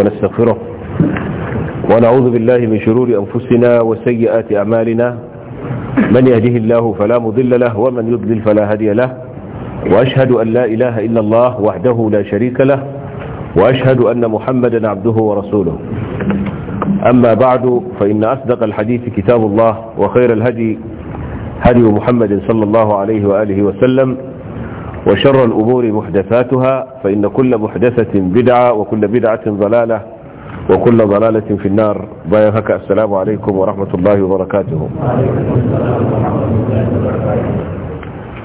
ونستغفره ونعوذ بالله من شرور أنفسنا وسيئات أعمالنا من يهده الله فلا مضل له ومن يضلل فلا هدي له وأشهد أن لا إله إلا الله وحده لا شريك له وأشهد أن محمدا عبده ورسوله أما بعد فإن أصدق الحديث كتاب الله وخير الهدي هدي محمد صلى الله عليه وآله وسلم وشر الأمور محدثاتها فإن كل محدثة بدعة وكل بدعة ضلالة وكل ضلالة في النار بايهك السلام عليكم ورحمة الله وبركاته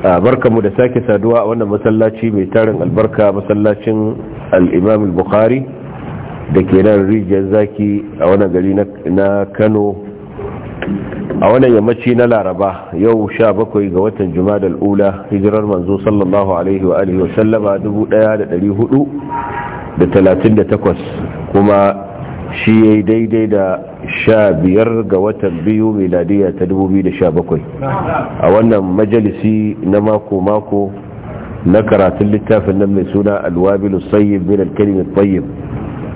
آه، بركة مدساكي سادواء وانا مسلاتي ميتارن البركة مسلاتي الإمام البخاري دكينا ke زاكي وانا zaki a wani a wannan yammaci na laraba yau sha bakwai ga watan juma'a ula hijirar manzo sallallahu alaihi wa alihi wasallama 1438 kuma shi ya yi daidai da sha ga watan biyu miladiya ta 2017 a wannan majalisi na mako-mako na karatun littafin nan mai suna alwabilu sayyid min alkalimin tayyib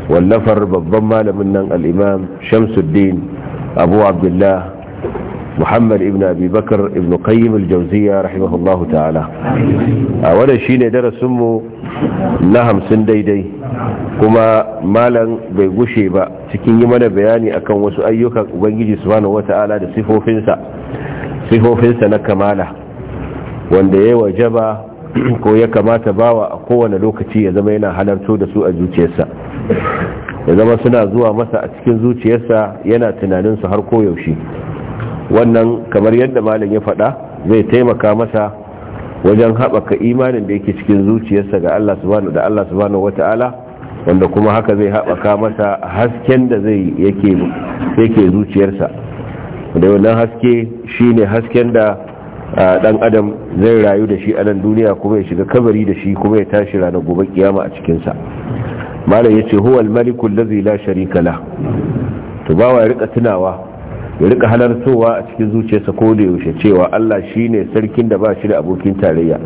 wallafar babban malamin nan al'imam shamsuddin abu abdullah muhammad ibn abubakar ibn qayyim al-jawziya rahimahullahu ta'ala a wannan shine darasin mu na hamsin daidai kuma malam bai gushe ba cikin yi mana bayani akan wasu ayyukan ubangiji subhanahu wata'ala da sifofinsa sifofinsa na kamala wanda ya wajaba ko ya kamata bawa a kowane lokaci ya zama yana halarto da su a zuciyarsa ya zama suna zuwa masa a cikin zuciyarsa yana tunaninsu har koyaushe wannan kamar yadda malam ya faɗa zai taimaka masa wajen haɓaka imanin da yake cikin zuciyarsa ga Allah subhanahu da Allah subhanahu wata'ala wanda kuma haka zai haɓaka masa hasken da zai yake yake zuciyarsa da wannan haske shine hasken da dan adam zai rayu da shi a nan duniya kuma ya shiga kabari da shi kuma ya tashi ranar gobe kiyama a cikin sa malam yace huwal malikul ladzi la sharika la to ba wa rika tunawa ya rika halartowa a cikin zuciyarsa ko da yaushe cewa Allah shine sarkin da ba shi da abokin tarayya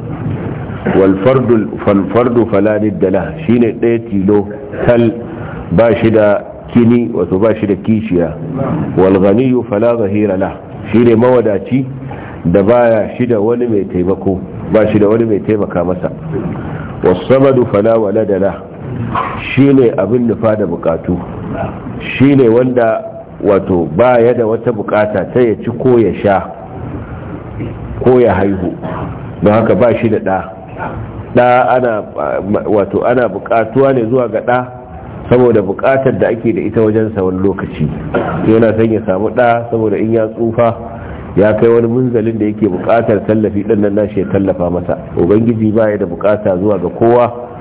wal fardu fal fardu shi ne shine ɗaya tilo tal ba shi da kini wato ba shi da kishiya wal ghaniyu fala zahira la shine mawadaci da baya shi da wani mai taimako ba shi da wani mai taimaka masa wasamadu fala walada la shine abin nufa da bukatu shine wanda wato ba ya da wata bukata ta ya ci ko ya sha ko ya haihu don haka ba shi da ɗa ɗa ana wato ana bukatuwa ne zuwa ga ɗa saboda bukatar da ake da ita wajen sawan lokaci yana san ya samu ɗa saboda in ya tsufa ya kai wani munzalin da yake bukatar tallafi ɗan nan nashi ya tallafa masa ubangiji ba ya da bukata zuwa ga kowa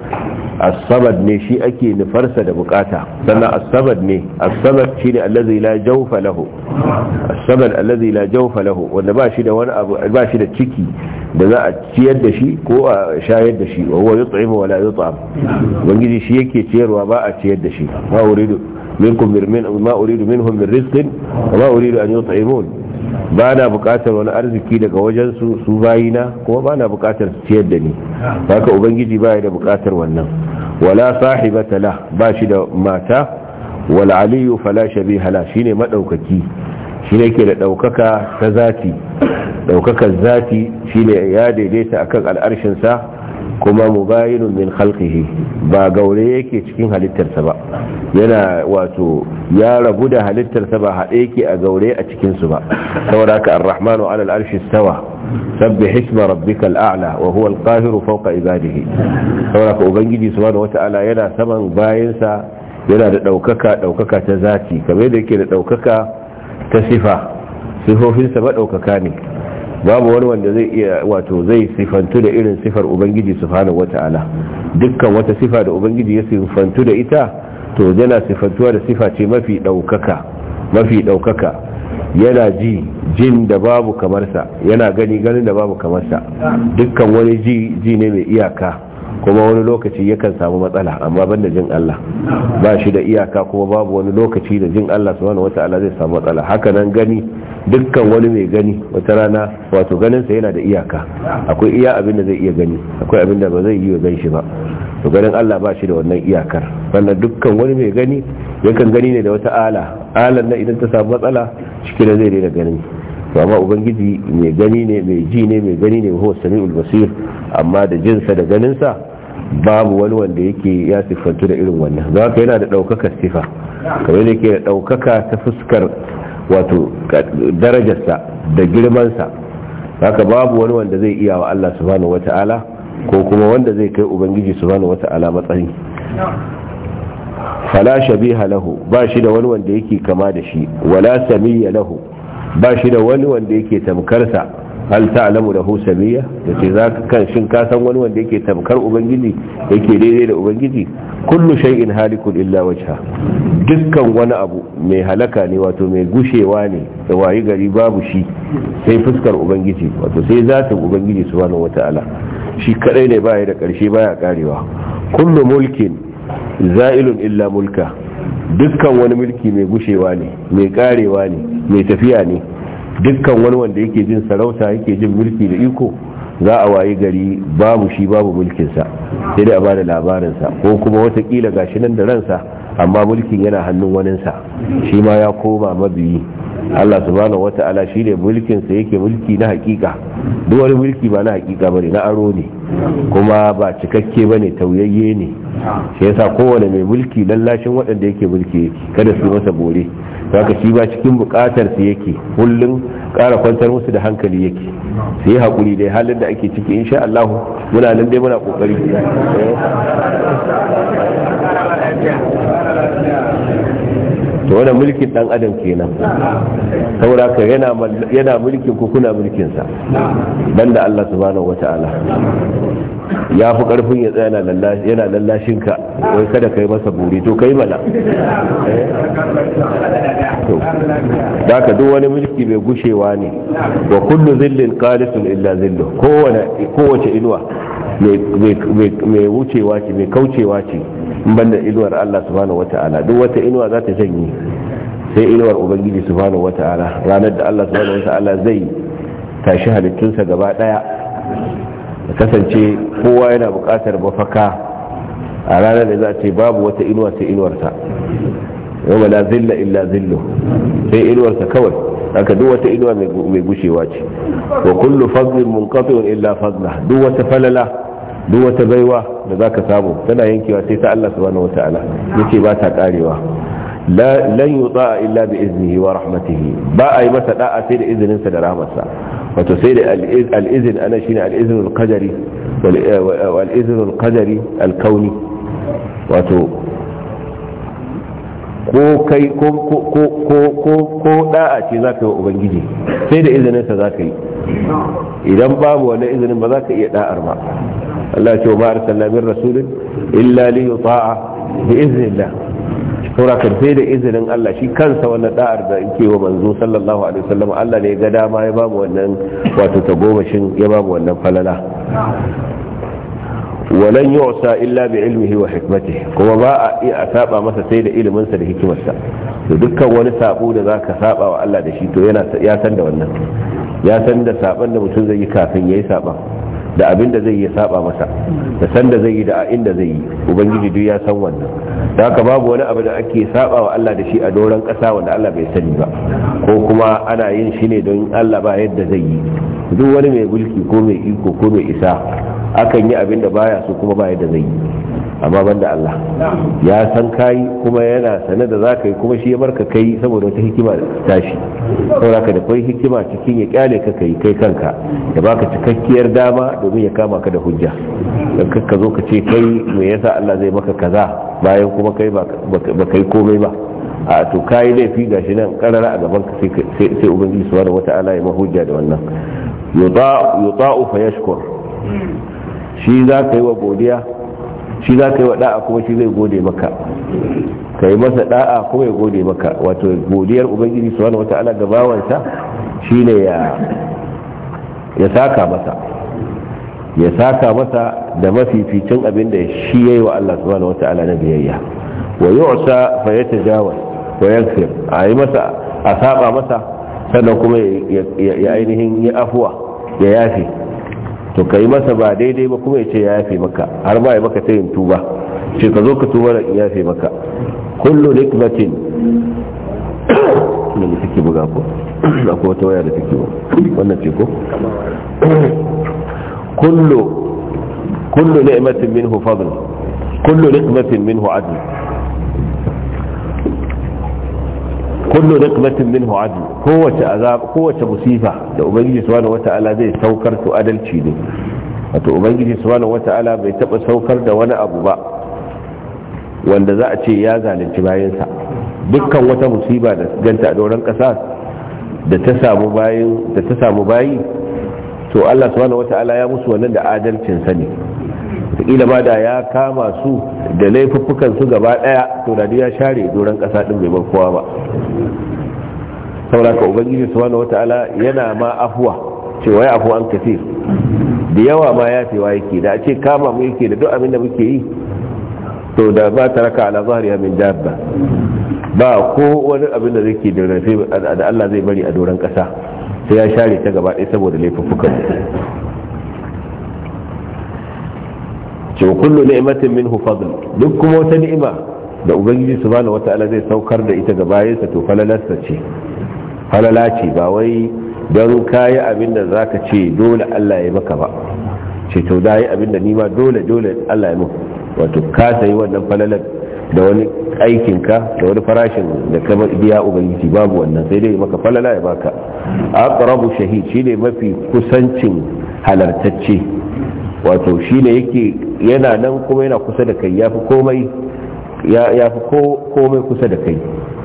as ne shi ake nufarsa da bukata sannan as ne as shi ne allazi la jawfa lahu as-samad allazi la jawfa lahu wanda ba shi da wani abu ba shi da ciki da za a ciyar da shi ko a shayar da shi wa huwa yut'imu wa la yut'am ubangiji shi yake ciyarwa ba a ciyar da shi ma uridu minkum min ma uridu minhum min rizqin wa ma uridu an yut'imun ba na bukatar wani arziki daga wajen su bayina kuma ba na bukatar su ciyar da ni haka ubangiji ba da bukatar wannan wala sahibata la ba shi da mata wala aliyu fala shabi hala shine madaukaki shine yake da daukaka ta zati daukakar zati shine ya daidaita akan al'arshin sa kuma mubayinun min khalqihi ba gaure yake cikin halittarsa ba yana wato ya rabu da halittarsa ba haɗe yake a gaure a cikin su ba saboda haka ar-rahmanu ala al-arshi istawa sabbih isma rabbika al-a'la wa huwa al-qahiru fawqa ibadihi saboda haka ubangiji subhanahu wata'ala yana saman bayinsa yana da daukaka daukaka ta zati kamar yadda yake da daukaka ta sifa sifofinsa ba daukaka ne babu wani wanda zai iya wato zai sifantu da irin sifar ubangiji subhanahu wata'ala dukkan wata sifa da ubangiji ya sifantu da ita to yana sifantuwa da sifa ce mafi daukaka mafi daukaka yana ji jin da babu kamarsa yana gani ganin da babu kamarsa dukkan wani ji ji ne mai iyaka kuma wani lokaci yakan samu matsala amma banda jin Allah ba shi da iyaka kuma babu wani lokaci da jin Allah su wata ala zai samu matsala haka nan gani dukkan wani mai gani wata rana wato ganinsa yana da iyaka akwai iya abin da zai iya gani akwai abin da ba zai yi gan shi ba to ganin Allah ba shi da wannan iyakar wannan dukkan wani mai gani yakan gani ne da wata ala alan na idan ta samu matsala cikin da zai daina ganin amma ubangiji mai gani ne mai ji ne mai gani ne huwa sami'ul basir amma da jinsa da ganin sa babu wani wanda yake ya siffantu da irin wannan za ka yana da ɗaukaka sifa kamar yake da ɗaukaka ta fuskar wato darajarsa da girmansa haka babu wani wanda zai iya wa Allah subhanahu wata'ala ko kuma wanda zai kai ubangiji subhanahu wata'ala matsayi fala shabiha lahu ba shi da wani wanda yake kama da shi wala samiyya lahu ba shi da wani wanda yake tamkarsa hal ta alamu lahu da ce za ka kan shin ka wani wanda yake tamkar ubangiji yake daidai da ubangiji kullu shay'in halikun illa wajha dukkan wani abu mai halaka ne wato mai gushewa ne da wayi gari babu shi sai fuskar ubangiji wato sai zatin ubangiji subhanahu wata'ala shi kadai ne baya da karshe baya karewa kullu mulkin za'ilun illa mulka dukkan wani mulki mai gushewa ne mai karewa ne mai tafiya ne dukkan wani wanda yake jin sarauta yake jin mulki da iko za a wayi gari babu shi babu mulkinsa sai dai a ba da sa ko kuma watakila gashi nan da ransa amma mulkin yana hannun waninsa shi ma ya koma mabiyi Allah subhanahu wata'ala shi ne mulkin sa yake mulki na hakika duk wani mulki ba na hakika bane na aro ne kuma ba cikakke ba ne tauyayye ne shi yasa kowane mai mulki lallashin waɗanda yake mulki kada su masa bore haka shi ba cikin bukatar su yake kullum ƙara kwantar musu da hankali yake su yi haƙuri dai halin da ake ciki insha Allah muna nan dai muna ƙoƙari to wannan mulkin dan adam kenan saboda ka yana yana mulkin ku kuna mulkin sa banda Allah subhanahu wataala ya fi karfin ya tsaya yana lallashin ka wai kada kai masa buri to kai mala to da ka duk wani mulki mai gushewa ne wa kullu zillin qalisun illa zillu kowace inuwa mai wucewa ce mai kaucewa ce banda inuwar Allah subhanahu wata'ala duk wata inuwa za ta janye sai inuwar ubangiji subhanahu wata'ala ranar da Allah subhanahu wata'ala zai tashi halittunsa gaba daya da kasance kowa yana bukatar mafaka a ranar da za ce babu wata inuwa sai inuwarsa yau la zilla illa zillu sai inuwarsa kawai haka duk wata inuwa mai gushewa ce wa kullu fadlin munqati'un illa fadla duk wata falala duk wata baiwa da zaka samu tana yankewa sai ta Allah subhanahu wataala yace ba ta karewa lan yuta illa bi iznihi wa rahmatihi ba a yi masa da'a sai da izinin sa da rahmatsa wato sai da al-izn ana shine al-izn al-qadari wal eh, eh, izn al-qadari al-kauni wato ko kai ko ko ko ko da'a ce zaka yi ubangiji sai da izinin sa zaka yi idan babu wani izinin ba zaka iya da'ar ba Allah ce wa ma arsalna min rasulin illa li yuta'a bi iznillah saura kan sai da izinin Allah shi kansa wannan da'ar da yake wa manzo sallallahu alaihi wasallam Allah ne ya ga dama ya ba mu wannan wato tagomashin ya ba mu wannan falala ولن يعصى إلا Dukkan wani كما da أسابع مثل سيد إلى من سيد حكمة دكا ونسابو ذاك da وألا دشيتو يا da ونن يا سند سابن متوزي كافين يا سابع da abin da zai yi saba masa da san da zai yi da inda zai yi ubangiji duk ya san wannan da haka babu wani abu da ake saba wa Allah da shi a doron kasa wanda Allah bai sani ba ko kuma ana yin shi ne don Allah ba yadda zai yi duk wani mai mulki ko mai iko ko mai isa akan yi abin da baya so kuma baya da zai yi amma banda Allah ya san kai kuma yana sane da zaka yi kuma shi ya barka kai saboda wata hikima tashi saboda ka da kai hikima cikin ya kyale ka kai kai kanka da baka cikakkiyar dama domin ya kama ka da hujja dan ka zo ka ce kai me yasa Allah zai maka kaza bayan kuma kai ba kai komai ba a to kai fi gashi nan karara a gaban ka sai sai ubangiji subhanahu wata'ala ya mahujja da wannan yuta yuta fa yashkur shi za ka yi wa godiya shi za ka yi wa da'a kuma shi zai gode maka ka yi masa da'a kuma ya gode maka wato godiyar ubangiji subhanahu wata'ala ga bawansa shine ya ya saka masa ya saka masa da mafificin abin da shi ya yi wa Allah wata ala na biyayya wa yi faye ta yatajawaz wa yaghfir a yi masa a saba masa sannan kuma ya ainihin ya afuwa ya yafi. to kai masa ba daidai ba kuma ya ce ya yafe maka har ba ya maka ta yin tuba ce ka zo ka tuba da ya yafe maka kullu nikmatin da da take buga ko akwai ta waya da take ba wannan ce ko kullu kullu ni'matin minhu fadl kullu nikmatin minhu adl kullu rikmatin minhu adl kowace azab kowace musifa da ubangiji subhanahu wata'ala zai saukar to adalci ne wato ubangiji subhanahu wata'ala bai taba saukar da wani abu ba wanda za a ce ya zalunci bayansa dukkan wata musiba da ganta a doron kasa da ta samu bayi da ta samu bayi to Allah subhanahu wata'ala ya musu wannan da adalcin sa ne wataƙila ma da ya kama su da laifuffukan su gaba ɗaya to da ya share doron ƙasa ɗin mai kowa ba sauraka ubangiji wani wata'ala yana ma afuwa cewa ya afuwa an kafir da yawa ma ya fewa yake da a ce kama mu yake da duk abin da muke yi to da ba ta raka ala zahari min dabba ba ko wani abin da zai da rafi da Allah zai bari a doron kasa sai ya share ta gaba ɗaya saboda laifuffukan ce wa kullu ni'matin minhu fadl duk kuma wata ni'ima da ubangiji subhanahu wata'ala zai saukar da ita ga sa to falalasta ce falala ce ba wai don kayi abin da zaka ce dole Allah ya maka ba ce to da yi abin da nima dole dole Allah ya maka wato ka sayi wannan falalar da wani aikinka da wani farashin da ka biya ubangiji babu wannan sai dai maka falala ya baka aqrabu shahid shine mafi kusancin halartacce wato shi ne yake yana nan kuma yana kusa da kai ya fi komai kusa da kai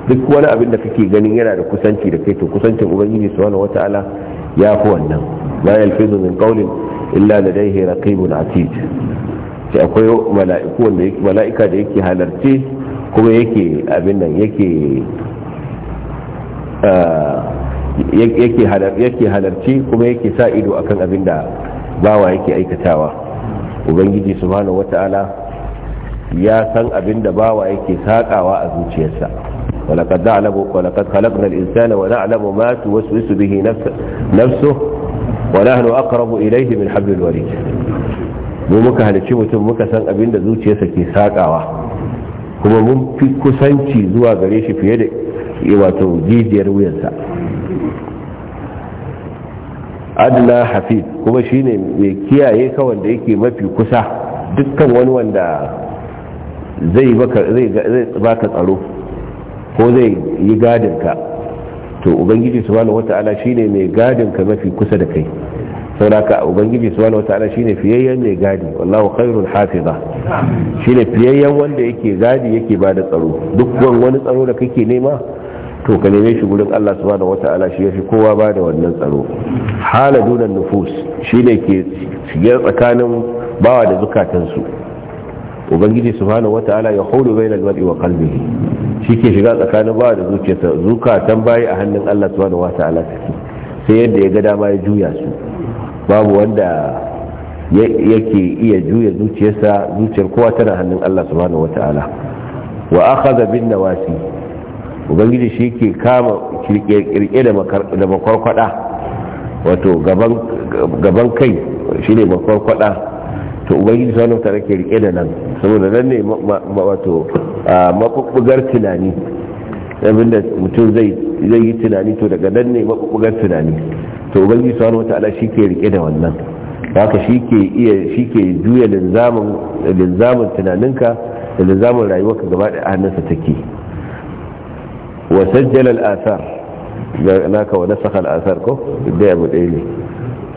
duk wani abin da kake ganin yana da kusanci da kai to kusancin ubangiji subhanahu wata'ala ya fi wannan bayan yalfizu min kaulin illa ladayhi raqibun atid sai akwai mala'iku wanda yake mala'ika da yake halarci kuma yake abin nan yake ah, yake halarci kuma yake sa ido akan abin da bawa yake aikatawa ubangiji subhanahu wata'ala ya san abin da bawa yake sakawa a zuciyarsa ولقد نعلم ولقد خلقنا الإنسان ونعلم ما توسوس به نفسه, نفسه ونحن أقرب إليه من mu muka halici mutum muka san abin da zuciyarsa ke sakawa kuma mun fi kusanci zuwa gare shi fiye da wato jijiyar wuyarsa adna hafiz kuma shine mai kiyaye ka wanda yake mafi kusa dukkan wani wanda zai baka zai baka tsaro ko zai yi gadin ka to ubangiji subhanahu wata'ala shine mai gadin ka mafi kusa da kai sauraka ubangiji subhanahu wata'ala shine fiyayyen mai gadi wallahu khairul hafiza shine fiyayyen wanda yake gadi yake bada tsaro duk wani tsaro da kake nema to ka neme shi gurin Allah subhanahu wata'ala shi yafi kowa ba da wannan tsaro hala dunan nufus shine ke shigar tsakanin bawa da zukatansu ubangiji su wata ala ya hulu bainal mar'i wa shi ke shiga tsakanin bawa da zuciyarsa zukatan bayi a hannun Allah wata subhanahu wata'ala sai yadda ya ga dama ya juya su babu wanda yake iya juya zuciyarsa zuciyar kowa tana hannun Allah wata ala wa akhadha bin nawasi ubangiji shi ke kama kirke da makwarkwada wato gaban kai shi ne makwarkwada to ubangiji sa wani tare ke rike da nan saboda nan ne wato mabubbugar tunani abinda mutum zai yi tunani to daga nan ne mabubbugar tunani to ubangiji sa wani wata shi ke rike da wannan haka shi ke iya shi ke juya linzamin tunaninka da linzamin rayuwarka gaba da hannunsa take wa sajjala al-athar naka wa nasakha al-athar ko da abu ɗaya ne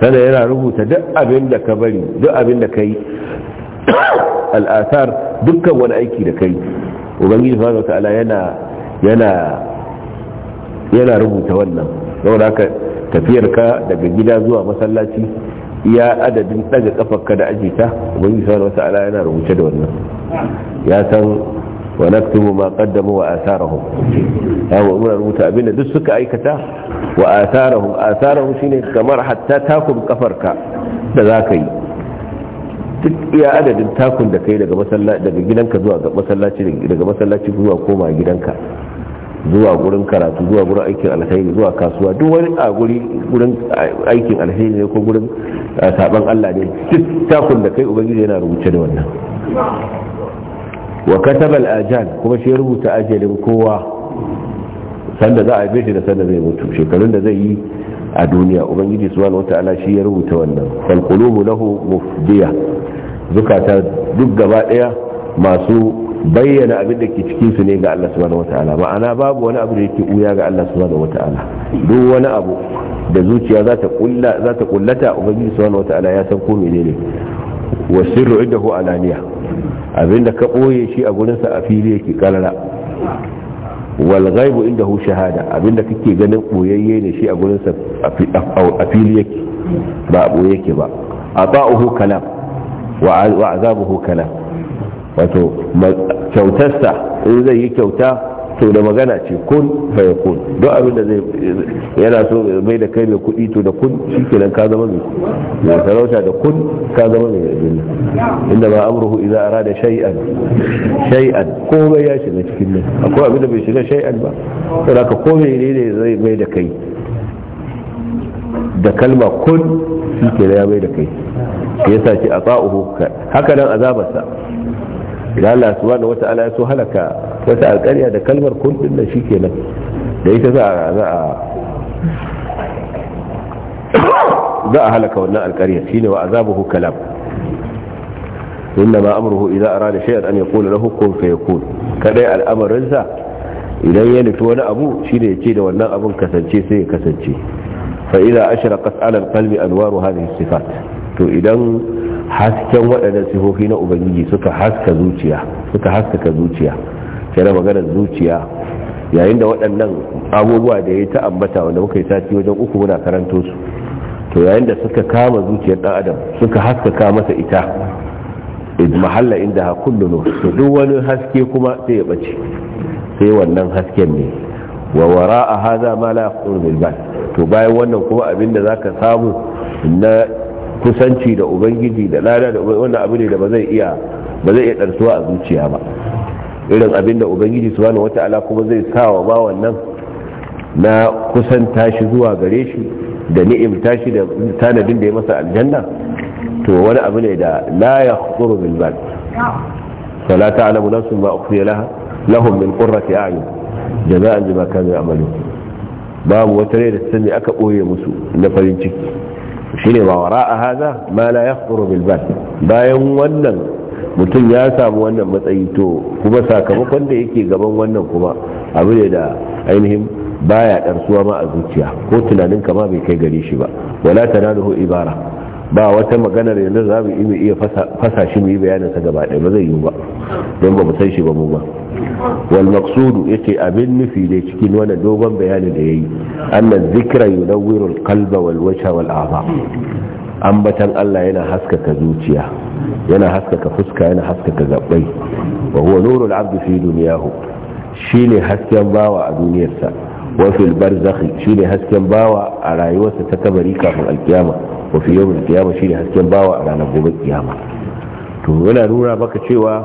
sannan yana rubuta duk abin da ka bari duk abin da ka yi al'asar dukkan wani aiki da ka kai ubangiji subhanahu ala yana yana yana rubuta wannan Yau da haka tafiyar ka daga gida zuwa masallaci iya adadin daga kafarka da ajita ubangiji subhanahu wataala yana rubuce da wannan ya san wa naktubu ma qaddamu wa atharahum yawa muna rubuta abinda duk suka aikata wa atharahum atharahum shine kamar hatta takun kafarka da zakai yi duk iya adadin takun da kai daga masallaci daga gidanka zuwa ga masallaci daga masallaci zuwa koma gidanka zuwa gurin karatu zuwa gurin aikin alheri zuwa kasuwa duk wani a guri gurin aikin alheri ne ko gurin eh, saban Allah ne duk takun da kai ubangiji yana rubuce da wannan wa kataba al-ajal kuma shi rubuta ajalin kowa sanda za a yi shi da sanda zai mutu shekarun da zai yi a duniya ubangiji subhanahu wata'ala shi ya rubuta wannan fal qulubu lahu mufdiya zukata duk gaba daya masu bayyana abin da ke cikin su ne ga Allah subhanahu wata'ala ma'ana babu wani abu da yake uya ga Allah subhanahu wata'ala duk wani abu da zuciya za ta kulla za ta kullata ubangiji subhanahu wata'ala ya san ko menene wa sirru indahu alaniya abinda ka ɓoye shi a gurinsa a fili yake ƙarara wal inda hu shahada abinda kake ganin ɓoyayye ne shi a gurinsa a fili yake ba ɓoye yake ba a ata'uhu kalam wa azabuhu kalam wato kyautarsa in zai yi kyauta to da magana ce kun fa kun duk abin da zai yana so mai da kai mai kuɗi to da kun shi nan ka zama mai sarauta da kun ka zama mai abin inda ba amruhu idza arada shay'an shay'an komai ya shiga cikin nan akwai abin da bai shiga shay'an ba da ka komai ne zai mai da kai da kalma kun shi da ya mai da kai yasa ce a tsa'uhu haka nan azabarsa idan Allah subhanahu wata'ala ya so halaka wata alƙarya da kalmar kun din da shi kenan da ita za a halaka wannan alƙarya shine wa azabuhu kalam inna ma amruhu idza arada shay'an an yaqula lahu kun fayakun kadai al'amarin sa idan ya nufi wani abu shine ya ce da wannan abun kasance sai ya kasance fa idza ashraqat 'ala al anwaru hadhihi sifat to idan hasken waɗannan sifofi na ubangiji suka haska zuciya suka haskaka zuciya na maganar zuciya yayin da waɗannan abubuwa da ya ta ambata wanda muka yi sati wajen uku muna karanto su to yayin da suka kama zuciyar ɗan adam suka haskaka masa ita mahalla inda ha kullu to duk wani haske kuma sai ya bace sai wannan hasken ne wa wara'a hadha ma la yaqul bil bal to bayan wannan kuma abinda zaka samu na kusanci da ubangiji da lada da wannan abu ne da ba zai iya ba zai iya darsuwa a zuciya ba irin abin da ubangiji wata ala kuma zai sawa ba wannan na kusan tashi zuwa gare shi da ni'im tashi da tanadin da ya masa aljanna to wani abu ne da la yakhuru bil bal fala ta'lamu nafsun ma ukhfiya laha lahum min qurrati a'yun jaza'an bima kanu ya'malun babu wata rai da sani aka ɓoye musu na farin ciki shine wa a haza. ma la ya bil bal bayan wannan mutum ya samu wannan matsayi to kuma sakamakon da yake gaban wannan kuma abu ne da ainihin baya ɗarsuwa ma a zuciya ko tunanin kama bai kai gare shi ba wala tanaluhu ibara ba wata maganar yanzu za mu iya fasa shi mu yi bayanin sa gaba ɗaya ba zai yi ba don ba mu san shi ba mu ba wal maqsudu yace abin nufi da cikin wannan dogon bayanin da yayi anna dhikra yunawwiru al qalba wal wajha wal a'dha ambatan Allah yana haskaka zuciya yana haskaka fuska yana haskaka gabbai wa huwa nurul abdi fi dunyahu shine hasken bawa a duniyarsa wa fil barzakh shine hasken bawa a rayuwarsa ta kabari kafin alkiyama wa fi yawmil alkiyama shine hasken bawa a ranar gobe kiyama to yana nura maka cewa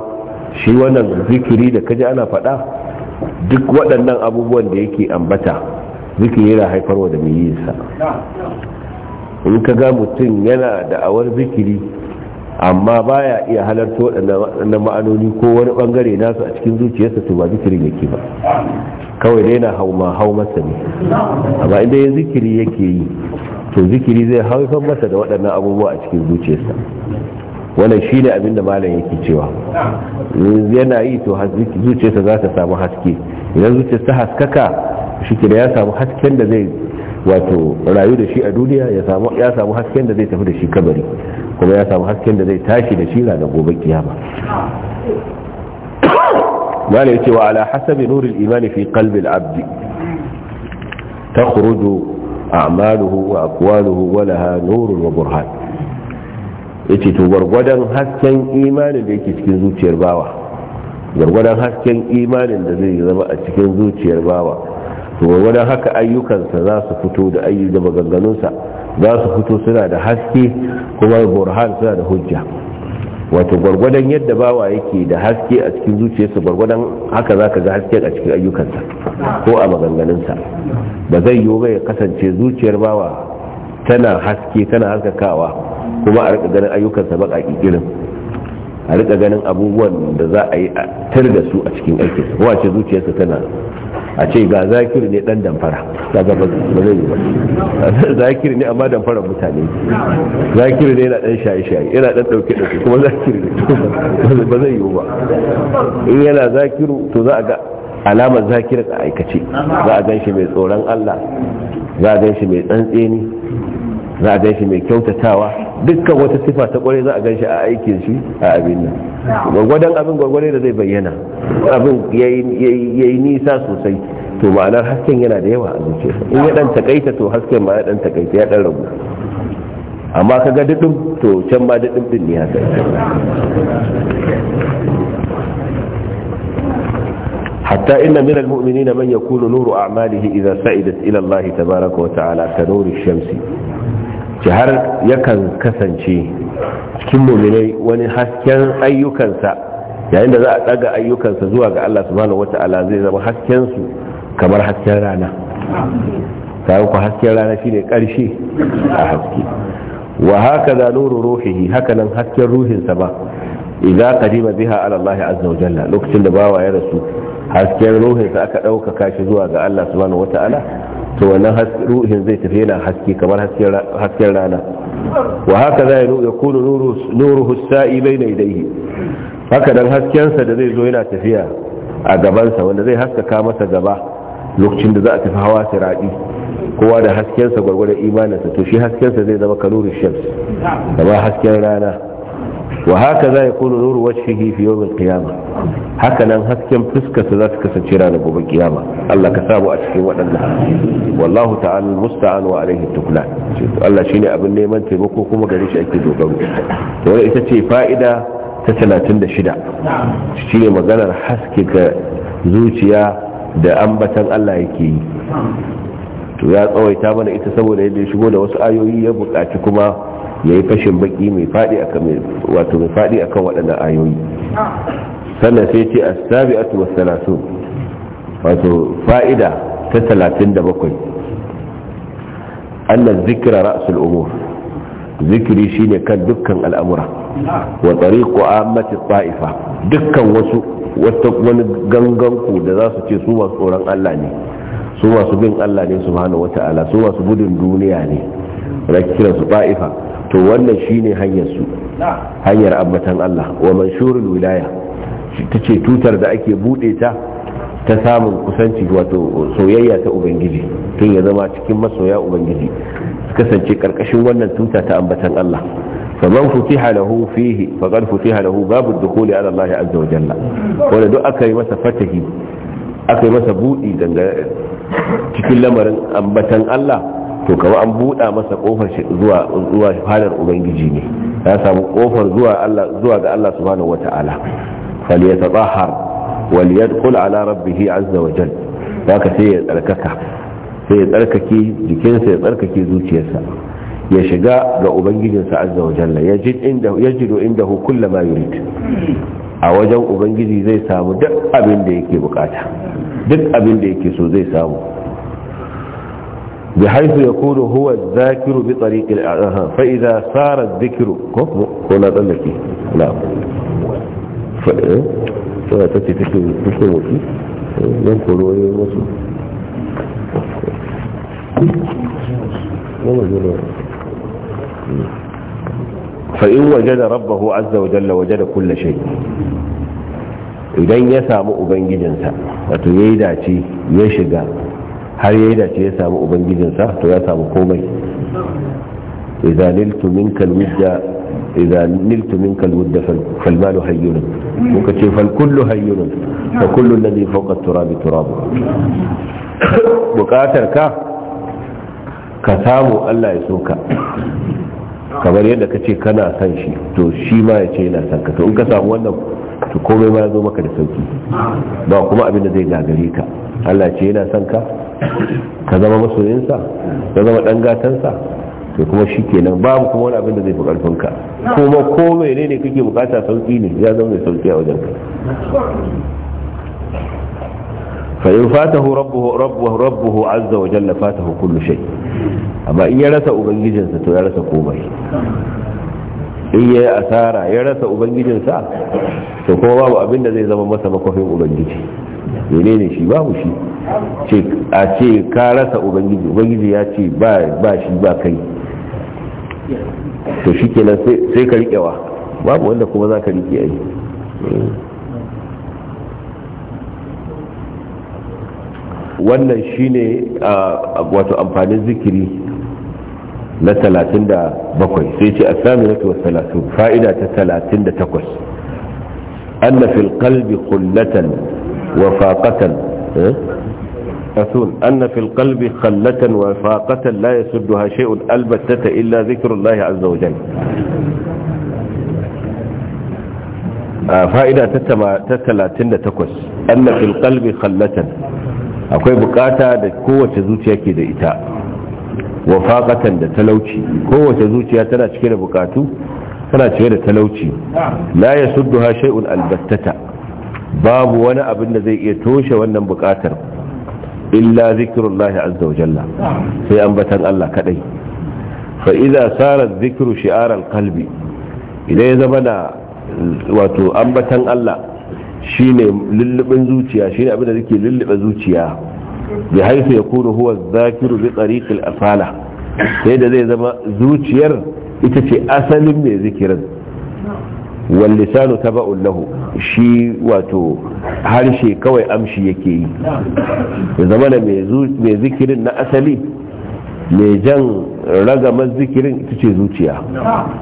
shi wannan zikiri da kaji ana faɗa duk waɗannan abubuwan da yake ambata zikiri yana haifarwa da miyinsa in ka ga mutum yana da awar zikiri amma baya iya halarta waɗannan ma'anoni ko wani ɓangare nasu a cikin zuciyarsa to ba zikirin yake ba kawai dai na hau ma hau masa ne amma inda ya zikiri yake yi to zikiri zai haifar masa da waɗannan abubuwa a cikin zuciyarsa wannan shi ne abinda malam yake cewa yana yi to zuciyarsa za ta samu haske idan zuciyarsa haskaka shi ya samu hasken da zai wato rayu da shi a duniya ya samu ya samu hasken da zai tafi da shi kabari kuma ya samu hasken da zai tashi da shi ranar gobe kiyama mala yace wa ala hasabi nuril imani fi qalbi al-abd takhruju a'maluhu wa aqwaluhu wa laha nurun wa burhan yace to hasken imanin da yake cikin zuciyar bawa gwargwadon hasken imanin da zai zama a cikin zuciyar bawa to wani haka ayyukansa za su fito da ayyu da maganganunsa za su fito suna da haske kuma burhan suna da hujja wato gwargwadon yadda bawa yake da haske a cikin zuciyarsa gwargwadon haka za ka ga haske a cikin ayyukansa ko a maganganunsa ba zai yiwu ba ya kasance zuciyar bawa tana haske tana haskakawa kuma a rika ganin ayyukansa kaki irin a rika ganin abubuwan da za a yi tar da su a cikin aikinsa ko a ce zuciyarsa tana a ce ga zakiri ne dan damfara daga ba zai yi ba zakiri ne amma damfara mutane zakiri ne yana dan shaye-shaye yana dan dauke da su, kuma zakiri ne ba zai yi ba in yana zakiru to za a ga alamar zakir a aikace za a gan shi mai tsoron Allah za a gan shi mai tsantseni za a ganshi mai kyautatawa dukkan wata sifa ta kwarai za a ganshi a aikin shi a abin nan gwagwadon abin gwagwadon da zai bayyana abin ya yi nisa sosai to ma'anar hasken yana da yawa a zuciya in ya dan takaita to hasken ma ya dan takaita ya dan rabu amma ka ga duɗin to can ma duɗin ɗin ne haka حتى إن من المؤمنين من يكون نور أعماله إذا سعدت إلى الله تبارك وتعالى كنور الشمس ki yakan kasance cikin muminai wani hasken ayyukansa yayin da za a daga ayyukansa zuwa ga Allah subhanahu wata'ala zai zama hasken su kamar hasken rana sai ku hasken rana shine karshe a haske wa haka da nuru ruhihi haka nan hasken ruhinsa ba idza kadima biha ala Allah azza wa jalla lokacin da bawa ya rasu hasken ruhinsa aka ɗaukaka kashi zuwa ga Allah subhanahu wata'ala to wannan ruhin zai tafi yana haske kamar hasken rana wa haka za ya kunu nuru hussa'i bai na idai haka dan haskensa da zai zo yana tafiya a gabansa wanda zai haskaka masa gaba lokacin da za a tafi hawa siraɗi kowa da haskensa gwargwadon imaninsa to shi haskensa zai zama kanurin shams kamar hasken rana wa haka za ya kunu nuru wajhihi fi yawmil qiyama haka nan hasken fuskarsa za su kasance ranar gobe kiyama Allah ka samu a cikin waɗannan wallahu ta'ala musta'an wa alaihi tuklan Allah shine abin neman taimako kuma gare shi ake dogaro to wannan ita ce fa'ida ta talatin da 36 shine maganar haske ga zuciya da ambatan Allah yake yi to ya tsawaita mana ita saboda yadda ya shigo da wasu ayoyi ya buƙaci kuma ya yi fashin baki mai fadi a kan waɗannan ayoyi sannan sai ce a sabi a wasu salasu wato fa'ida ta talatin da bakwai annan zikira ra'asul umur zikiri shine kan dukkan al'amura wa tsariƙo ammatin ta'ifa dukkan wasu wata wani ganganku da za su ce su masu tsoron Allah ne su masu bin Allah ne subhanahu wata'ala su masu gudun duniya ne rakirar su ta'ifa to wannan shine hanyar su hanyar ambatan Allah wa manshurul wilaya ta ce tutar da ake bude ta ta samun kusanci wato soyayya ta ubangiji tun ya zama cikin masoya ubangiji kasance karkashin wannan tuta ta ambatan Allah faman futiha lahu fihi faqad futiha lahu babu dukhuli ala Allah azza wa jalla wanda duk aka yi masa fatahi aka yi masa budi dangane cikin lamarin ambatan Allah to kamar an buɗa masa kofar zuwa zuwa halar ubangiji ne ya samu kofar zuwa Allah zuwa ga Allah subhanahu wata'ala falyatatahhar waliyadkhul ala rabbih azza wa jal haka sai ya tsarkaka sai ya tsarkake jikinsa ya tsarkake zuciyarsa ya shiga ga ubangijinsa azza wa jalla jid inda yajidu indahu ma yurid a wajen ubangiji zai samu duk abin da yake bukata duk abin da yake so zai samu بحيث يكون هو الذاكر بطريق الأعهام فإذا صار الذكر هنا ذلك لا فإذا تأتي تشتم فيه ينقل ويوصل فإن وجد ربه عز وجل وجد كل شيء idan يسامو samu ubangijinsa wato ya yi har yayi da ce ya samu ubangijinsa to ya samu komai idza niltu niltu fal malu hayyun ce fal kullu hayyun fa kullu alladhi fawqa turab turab bukatar ka ka samu Allah ya soka kamar yadda ka ce kana son shi to shi ma ya ce yana son ka to in ka samu wannan to komai ma ya zo maka da sauki ba kuma abin da zai gagare ka Allah ce yana son ka ka zama masoyinsa ka zama dan gatansa to kuma shikenan babu kuma wani abin da zai fi karfinka kuma ko mene ne kake bukata sauki ne ya zama mai sauki a wajenka fa'in fatahu rabbuhu azza wa jalla fatahu kullu shay amma in ya rasa ubangijinsa to ya rasa komai in ya yi asara ya rasa ubangijinsa to kuma babu abin da zai zama masa makwafin ubangiji mene ne shi babu shi a ce ka rasa ubangiji ubangiji ya ce ba shi ba kai to shi kenan sai ka riƙewa babu wanda kuma za ka riƙe yi wannan shi ne wato amfanin zikiri na 37 sai ce a sami na talatin fa'ida ta 38 an na kalbi kullatan wa faƙatan أثون أن في القلب خلة وفاقة لا يسدها شيء البتة إلا ذكر الله عز وجل فائدة تتلاتين تكوس أن في القلب خلة akwai bukata da kowace zuciya ke da ita wa faƙatan da talauci kowace zuciya tana cike da bukatu tana cike da talauci babu wani abin da zai iya toshe wannan bukatar illa zikrullahi azza wa sai ambatan Allah kadai fa idza sara dhikru shi'aran qalbi idan ya zama da wato ambatan Allah shine lullubin zuciya shine abin da zake lullube zuciya bi haifu yakunu huwa zakiru bi tariq al-asala sai da zai zama zuciyar ita ce asalin mai zikirin wallisanu taba'un lahu shi wato harshe kawai amshi yake yi ya zama da mai zikirin na asali mai jan ragamar zikirin ita ce zuciya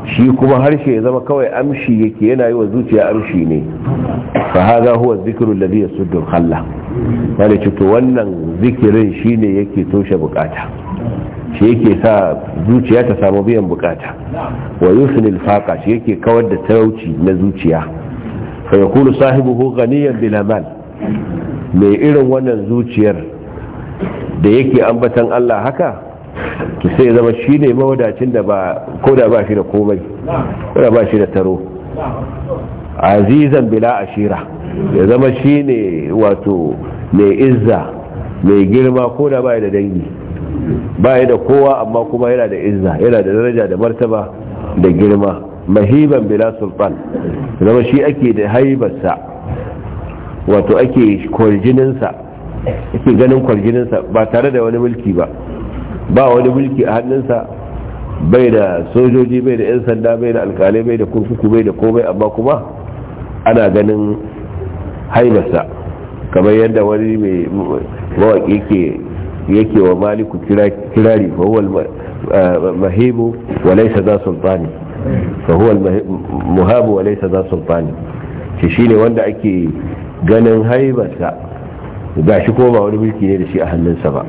shi kuma harshe ya zama kawai amshi yake yana yi wa zuciya amshi ne fa haza huwa zikirun ladhi yasuddu khalla wani to wannan zikirin shine yake toshe bukata shi yake sa zuciya ta samu biyan bukata wa yusnil faqa shi yake kawar da talauci na zuciya fa yakulu sahibuhu ghaniyan bila mal mai irin wannan zuciyar da yake ambatan Allah haka ki sai zama shi mawadacin da ba ko da ba shi da komai ko da ba shi da taro azizan bila ashira ya zama shi wato mai izza mai girma ko da ba da dangi ba ya da kowa amma kuma yana da izza yana da daraja da martaba da girma mahiban bila sultan zama shi ake da haibarsa wato ake kwarjininsa ake ganin kwarjininsa ba tare da wani mulki ba ba wani mulki a hannunsa bai da sojoji bai da 'yan sanda bai da alkalai bai da kurkuku bai da komai amma kuma ana ganin haibarsa kamar yadda wani mai mawaƙi ke yake wa maliku kirari fa huwa eh, mahibu wa laysa za sultani fa huwa muhabu wa laysa za sultani shi shine wanda ake ganin haibarsa gashi ko ba wani mulki ne da shi a hannunsa ba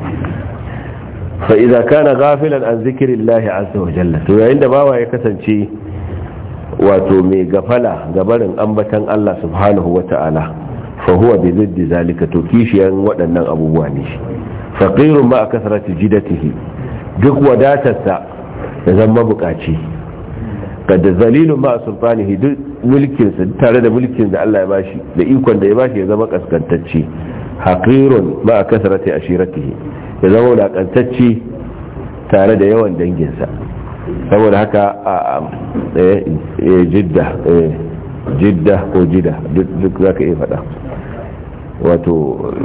fa idza kana ghafilan an zikrillahi azza wa jalla to yayin da bawa ya kasance wato mai gafala ga barin ambatan Allah subhanahu wa ta'ala fa huwa bi zalika to kishiyan waɗannan abubuwa ne faqirun ma kasrati jidatihi duk wadatarsa ya zama bukaci kada zalilun ma sultanihi duk mulkinsa tare da mulkin da Allah ya bashi da ikon da ya bashi ya zama kaskantacce haqirun ma kasrati ashiratihi ya zama wulakantacce tare da yawan danginsa saboda haka a eh, eh, jidda eh, jidda ko jida duk za ka iya faɗa wato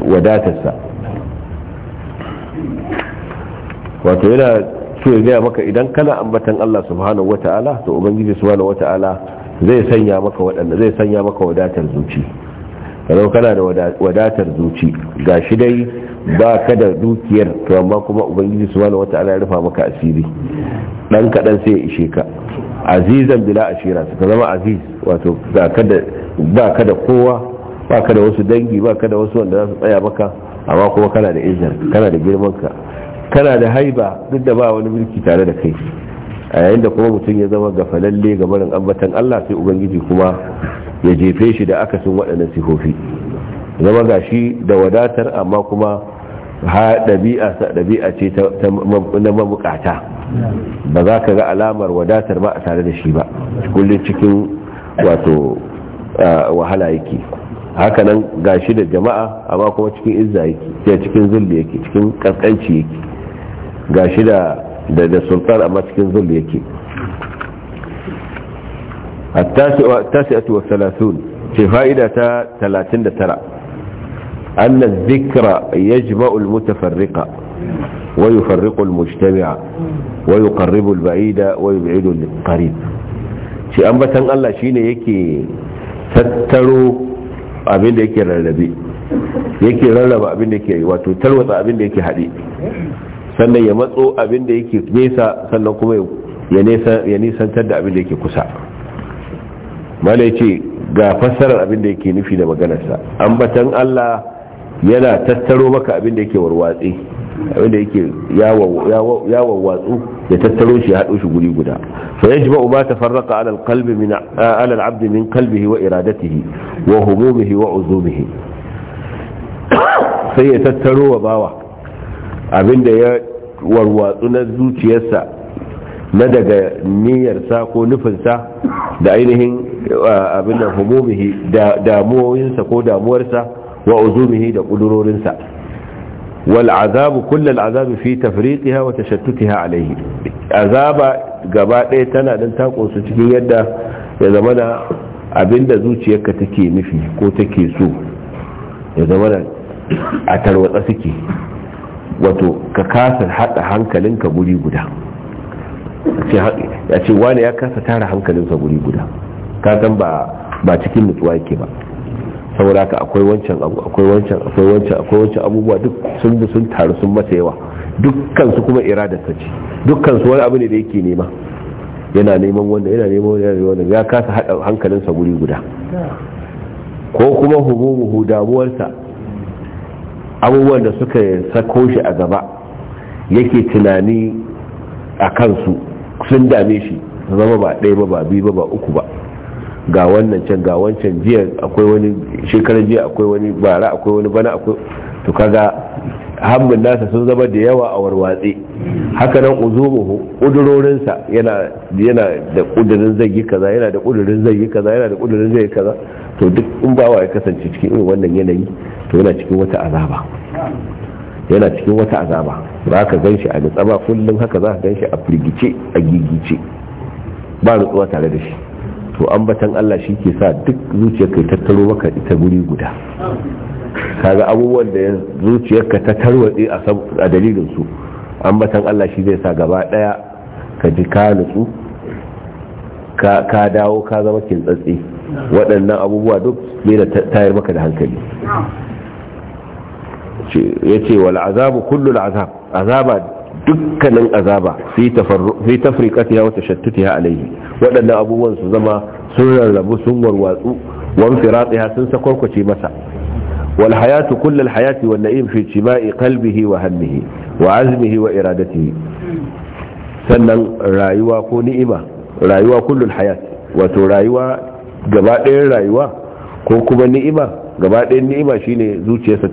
wadatarsa wato yana so ya gaya maka idan kana ambatan Allah subhanahu wata'ala to ubangiji subhanahu wata'ala zai sanya maka wadanda zai sanya maka wadatar zuci kana kana da wadatar zuci gashi dai ba ka da dukiyar to amma kuma ubangiji subhanahu wata'ala ya rufa maka asiri dan kadan sai ya ishe ka azizan bila ashira ka zama aziz wato ga ka da ba ka da kowa ba ka da wasu dangi ba ka da wasu wanda za su tsaya maka amma kuma kana da izar kana da girman ka kana da haiba duk da ba wani mulki tare da kai a yayin da kuma mutum ya zama gafalalle ga barin ambatan Allah sai ubangiji kuma ya jefe shi da akasin waɗannan sifofi zama gashi da wadatar amma kuma ha ɗabi'a ɗabi'a ce na mabukata ba za ka ga alamar wadatar ba a tare da shi ba kullum cikin wato wahala yake hakanan gashi da jama'a amma kuma cikin izza yake cikin zulli yake cikin kaskanci yake gashi da da sultan amma cikin zulli yake والثلاثون في فائدة ثلاثين ترى أن الذكر يجمع المتفرقة ويفرق المجتمع ويقرب البعيد ويبعد القريب في أنبتن تنقل شين يكي تترو abin da yake rarrabe yake rarraba abin da yake wato tarwatsa abin da yake sannan ya matso abin da yake nesa sannan kuma ya nisantar da abin da yake kusa mala ya ce ga fassarar abin da yake nufi da maganarsa ambatan allah yana tattaro maka abin da yake warwatse abin da yake yawon watsu ya tattaro shi ya haɗo shi guri guda fa ya ji ba ta farraka alal abdi min kalbihi wa iradatihi wa humumihi wa uzumihi sai ya tattaro wa bawa abinda ya warwatsu na zuciyarsa na daga niyyarsa ko nufinsa da ainihin abin da humumihi da damuwoyinsa ko damuwarsa wa uzumihi da kudurorinsa wal azabu kullal azabi fi tafriqiha wa tashattutiha alayhi azaba gaba ɗaya tana dan takon su cikin yadda ya zama da abinda zuciyarka take nufi ko take so ya zama a tarwatsa suke wato ka kasa hada hankalinka guri guda ya ce wani ya kasa tara hankalinsa guri guda ka san ba cikin nutsuwa yake ba saboda haka akwai wancan akwai wancan akwai wancan akwai wancan abubuwa duk sun bi sun taru sun masa yawa dukkan su kuma ta ce dukkan su wani abu ne da yake nema yana neman wanda yana neman wanda yana wanda ya kasa hada hankalinsa guri guda ko kuma hu damuwarsa abubuwan da suka sako shi a gaba yake tunani a kansu sun dame shi zama ba ɗaya ba ba biyu ba ba uku ba ga wannan can ga wancan jiya akwai wani shekarar jiya akwai wani bara akwai wani bana akwai to kaga hambin nasa sun zama da yawa a warwatse haka nan uzumuhu kudurorinsa yana yana da kudurin zai yi kaza yana da kudurin zai yi kaza yana da kudurin zai yi kaza to duk in bawa ya kasance cikin irin wannan yanayi to yana cikin wata azaba yana cikin wata azaba za ka gan shi a tsaba kullum haka za ka gan shi a firgice a gigice ba nutsuwa tare da shi to ambatan Allah shi ke sa duk zuciyar ka tattaro maka ita guri guda kaga abubuwan da zuciyarka ta tarwatse a dalilin su ambatan Allah shi zai sa gaba daya ka ji ka nutsu ka dawo ka zama kintsatsi waɗannan abubuwa duk ne da tayar maka da hankali ya ce wa la'azabu kullum azab azaba dukkanin azaba fi tafrikati ya wata shattuti alaihi waɗannan abubuwan su zama sun rarrabu sun warwatsu wani firatiya sun sakwarkwace masa والحياة كل الحياة hayati في اجتماع fi وهمه وعزمه وإرادته hammihi wa azmihi wa iradatihi sannan rayuwa ko ni'ima rayuwa kullul hayat wato rayuwa gaba ɗayan rayuwa ko kuma ni'ima gaba دامو ni'ima shine zuciyarsa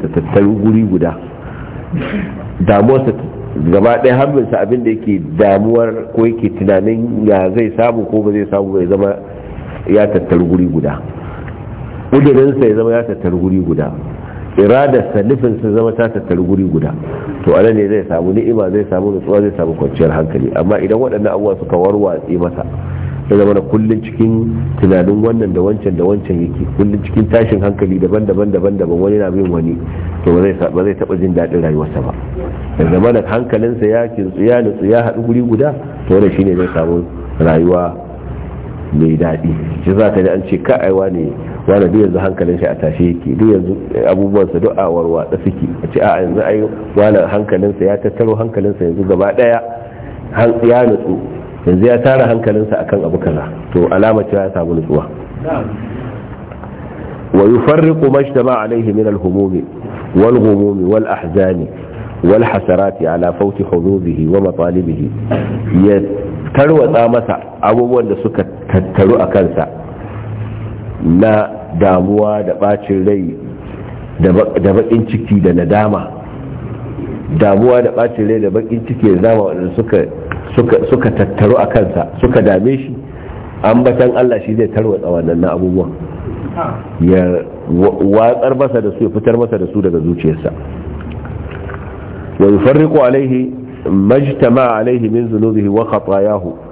gaba ɗaya abin da yake damuwar ko yake tunanin ya zai samu ko ba zai samu ya zama ya tattar guri guda ƙudurinsa ya zama ya tattar guri guda iradarsa sun zama ta tattar guri guda to ana ne zai samu ni'ima zai samu nutsuwa zai samu kwanciyar hankali amma idan waɗannan abubuwa suka warwatse masa ya zama kullum cikin tunanin wannan da wancan da wancan yake kullum cikin tashin hankali daban-daban daban-daban wani na bin wani to ba zai taɓa jin daɗin rayuwarsa ba da zama da hankalinsa ya kintsu ya nutsu ya haɗu guri guda to wannan shine zai samu rayuwa mai daɗi shi za ka yi an ce ka'aiwa ne wani duk yanzu hankalin shi a tashe yake duk yanzu abubuwan sa duk a warwatsa suke a ce a yanzu ai wani hankalin sa ya tattaro hankalin sa yanzu gaba daya ya nutsu yanzu ya tara hankalin sa akan abu kaza to alama cewa ya samu nutsuwa wa yufarriqu majtama alayhi min al-humum wal ghumum wal ahzani wal hasarat ala fawti hududihi wa matalibihi ya tarwatsa masa abubuwan da suka tattaru a kansa na damuwa da bacin rai da bakin ciki da nadama damuwa da bacin rai da bakin ciki da nadama wadanda suka tattaru a kansa suka dame shi an ambatan Allah shi zai tarwatsa wannan na abubuwan ya watsar masa da su ya fitar masa da su daga zuciyarsa wa yufarriqu alaihi majtama alaihi min zunubihi wa khatayahu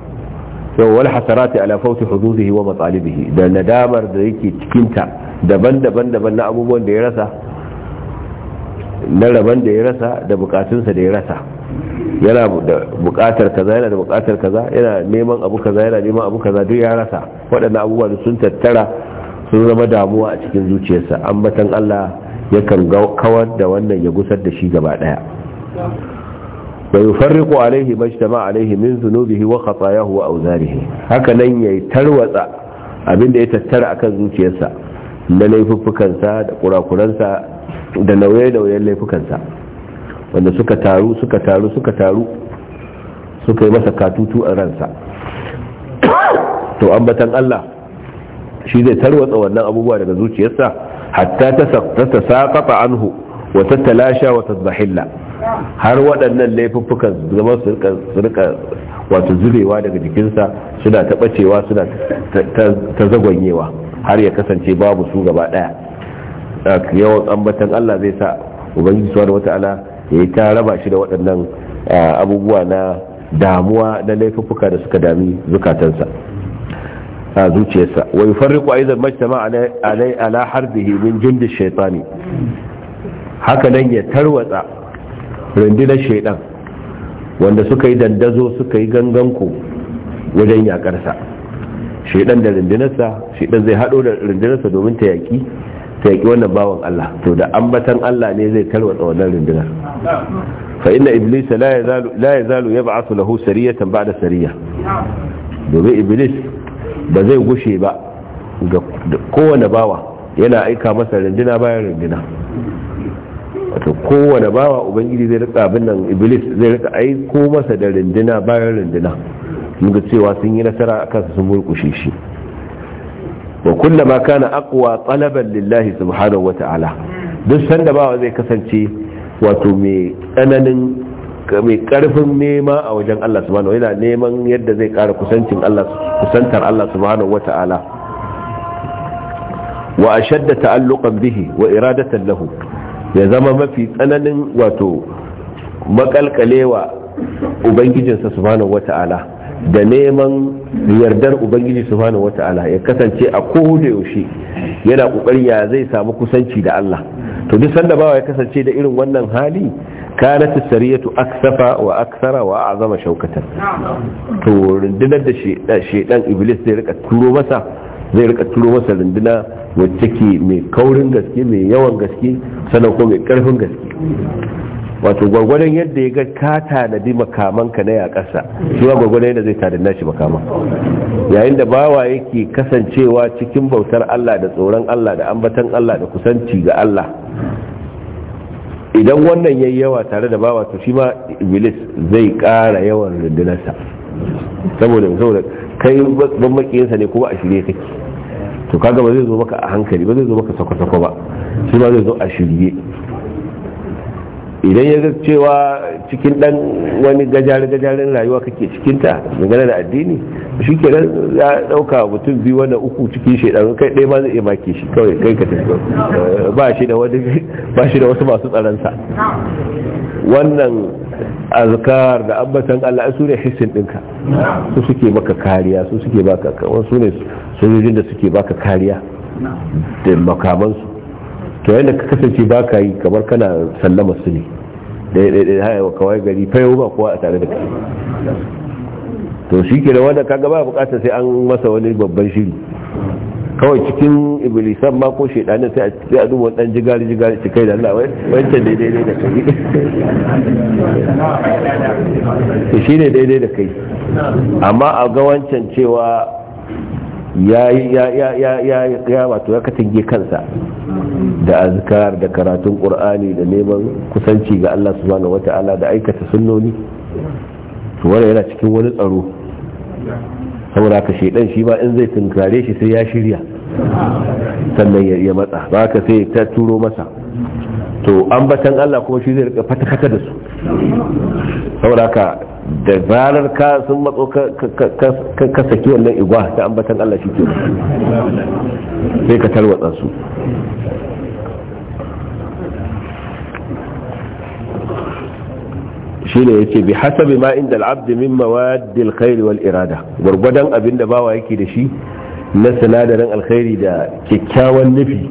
yau wani hasarati ala fauti hududihi wa matsalibihi da nadamar da yake cikinta daban-daban daban na abubuwan da ya rasa na raban da ya rasa da bukatunsa da ya rasa yana da bukatar kaza yana da bukatar kaza yana neman abu kaza yana neman abu kaza duk ya rasa waɗannan abubuwa da sun tattara sun zama damuwa a cikin zuciyarsa ambatan Allah yakan kawar da wannan ya gusar da shi gaba ɗaya ويفرق عليه ما اجتمع عليه من ذنوبه وخطاياه وأوزاره هكذا يتروت abin da ya tattara akan zuciyarsa da laifukansa da kurakuransa da nauye-nauyen laifukansa wanda suka taru suka taru suka taru suka yi masa katutu a ransa to ambatan Allah shi zai tarwatsa wannan abubuwa daga zuciyarsa hatta ta saƙaƙa anhu wata talasha wata zahilla har waɗannan laifuffukan zama su rika wato zurewa daga jikinsa suna ta bacewa suna ta zagonyewa har ya kasance babu su gaba ɗaya yawan ambatan Allah zai sa ubangiji wata wata'ala ya yi ta raba shi da waɗannan abubuwa na damuwa na laifuffuka da suka dami zukatansa a zuciyarsa wa yufarriqu aidan majtama alai ala harbihi min jundi shaitani haka ya tarwatsa rundunar shaidan wanda suka yi dandazo suka yi ganganku wajen yakarsa shaidan da rundunarsa shaidan zai hado da rundunarsa domin ta yaki ta yaki wannan bawan Allah to da ambatan Allah ne zai tarwatsa wannan rundunar fa inna iblis la yazalu la yazalu yab'athu lahu sariyatan ba'da sariya domin iblis ba zai gushe ba ga kowane bawa yana aika masa runduna bayan runduna wato kowane bawa ubangiji zai rika abin nan iblis zai rika aiko masa da rindina bayan rindina ga cewa sun yi nasara a kansa sun murkushe shi wa kullama kana aqwa talaban lillahi subhanahu wata'ala duk sanda bawa zai kasance wato mai tsananin mai karfin nema a wajen Allah subhanahu yana neman yadda zai kara kusancin Allah kusantar Allah subhanahu wata'ala wa ashadda ta'alluqan bihi wa iradatan lahu ya zama mafi tsananin wato makalkalewa ubangijinsa subhanahu wata'ala da neman yardar ubangiji subhanahu wata'ala ya kasance a kowane yaushe yana kokari ya zai samu kusanci da Allah to duk sanda bawa ya kasance da irin wannan hali kanat sariyatu aksafa wa aksara wa azama shaukatan to rundunar da shedan iblis zai rika turo masa zai rika turo masa runduna wacce ke mai kaurin gaske mai yawan gaske sannan ko mai karfin gaske wato gwargwadon yadda ya ga ka tanadi makamanka na ya ƙasa shi ma gwargwadon yadda zai tanadi shi makaman yayin da bawa yake kasancewa cikin bautar Allah da tsoron Allah da ambatan Allah da kusanci ga Allah idan wannan yayi yawa tare da bawa to shi ma iblis zai kara yawan rundunarsa saboda saboda kai ban makiyinsa ne kuma a shirye kake to kaga ba zai zo maka a hankali ba zai zo maka sako-sako ba shi ma zai zo a shirye idan ya cewa cikin dan wani gajare-gajaren rayuwa kake cikinta dangane da addini shi ke nan ya dauka mutum biyu wanda uku cikin shaidan kai ɗaya ba zai iya maki shi kawai kai ka tafi eh, ba shi da wasu masu tsaransa wannan azkar da abbatan Allah su ne hissin dinka, su suke baka kariya su suke baka kawo su ne sojojin da suke baka kariya da makamansu to yadda ka kasance baka yi kamar kana sallama su ne ɗaiɗaiɗai haya wa kawai gari fayo ba kowa a tare da kai to shi ke da wanda kaga ba bukatar sai an masa wani babban shiri kawai cikin ibilisan ma ko shedanin sai a duba dan jigari jigari kai da Allah wai wancan daidai da kai to ne daidai da kai amma a ga wancan cewa ya ya ya ya ya wato ya katange kansa da azkar da karatun qur'ani da neman kusanci ga Allah subhanahu wataala da aikata sunnoni to wannan yana cikin wani tsaro saboda ka shaidan shi ba in zai tunkare shi sai ya shirya sannan ya matsa ba ka sai ta turo masa to ambatan Allah kuma shi zai rika fata-fata da su saboda ka da zarar ka sun matso ka saki wannan igwa ta ambatan Allah shi ke sai ka tarwatsa su shine ce bi hasabi ma inda al-abd min mawad al wal irada gurgudan abinda bawa yake da shi na sinadarin alkhairi da kyakkyawan nufi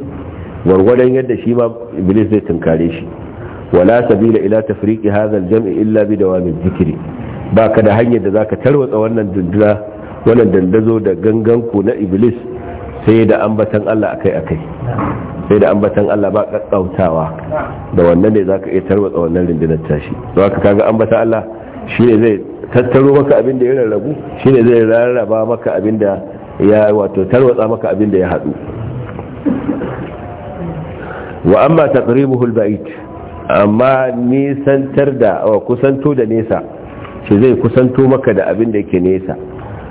gurgudan yadda shi ma iblis zai tunkare shi wala sabila ila tafriqi hadha al-jam'i illa bi dawam mai dhikri baka da hanyar da zaka tarwatsa wannan dundura wannan dandazo da gangan ku na iblis sai da ambatan Allah akai akai sai da ambatan Allah ba kakkautawa da wannan ne zaka iya tarwatsa wannan rindinar tashi don haka kaga ambatan Allah shine zai tattaro maka abin da ya rarrabu shine zai rarraba maka abin da ya wato tarwatsa maka abin da ya hadu wa amma taqribuhu albayt amma nisantar da kusanto da nesa shi zai kusanto maka da abin da yake nesa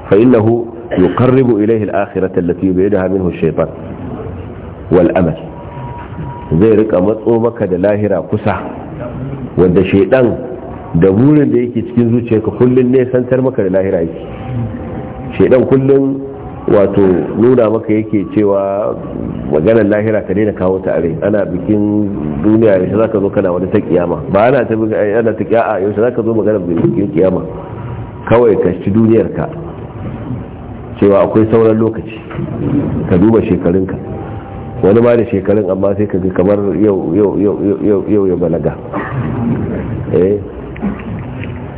fa innahu يقرب إليه الآخرة التي allati منه الشيطان والأمل زي wal amal zai rika matso maka da lahira kusa wanda shaydan da burin da yake cikin zuciyarka kullun ne maka da lahira yake kullun wato nuna maka yake cewa maganar lahira ka daina kawo ta are ana bikin duniya za ka zo kana wani ta kiyama ba ana ta ana ta kiya'a yaushe zo maganar bikin kiyama kawai ka ci duniyarka cewa akwai sauran lokaci ka duba shekarunka wani ma da shekarun amma sai ka kamar yau ya balaga eh.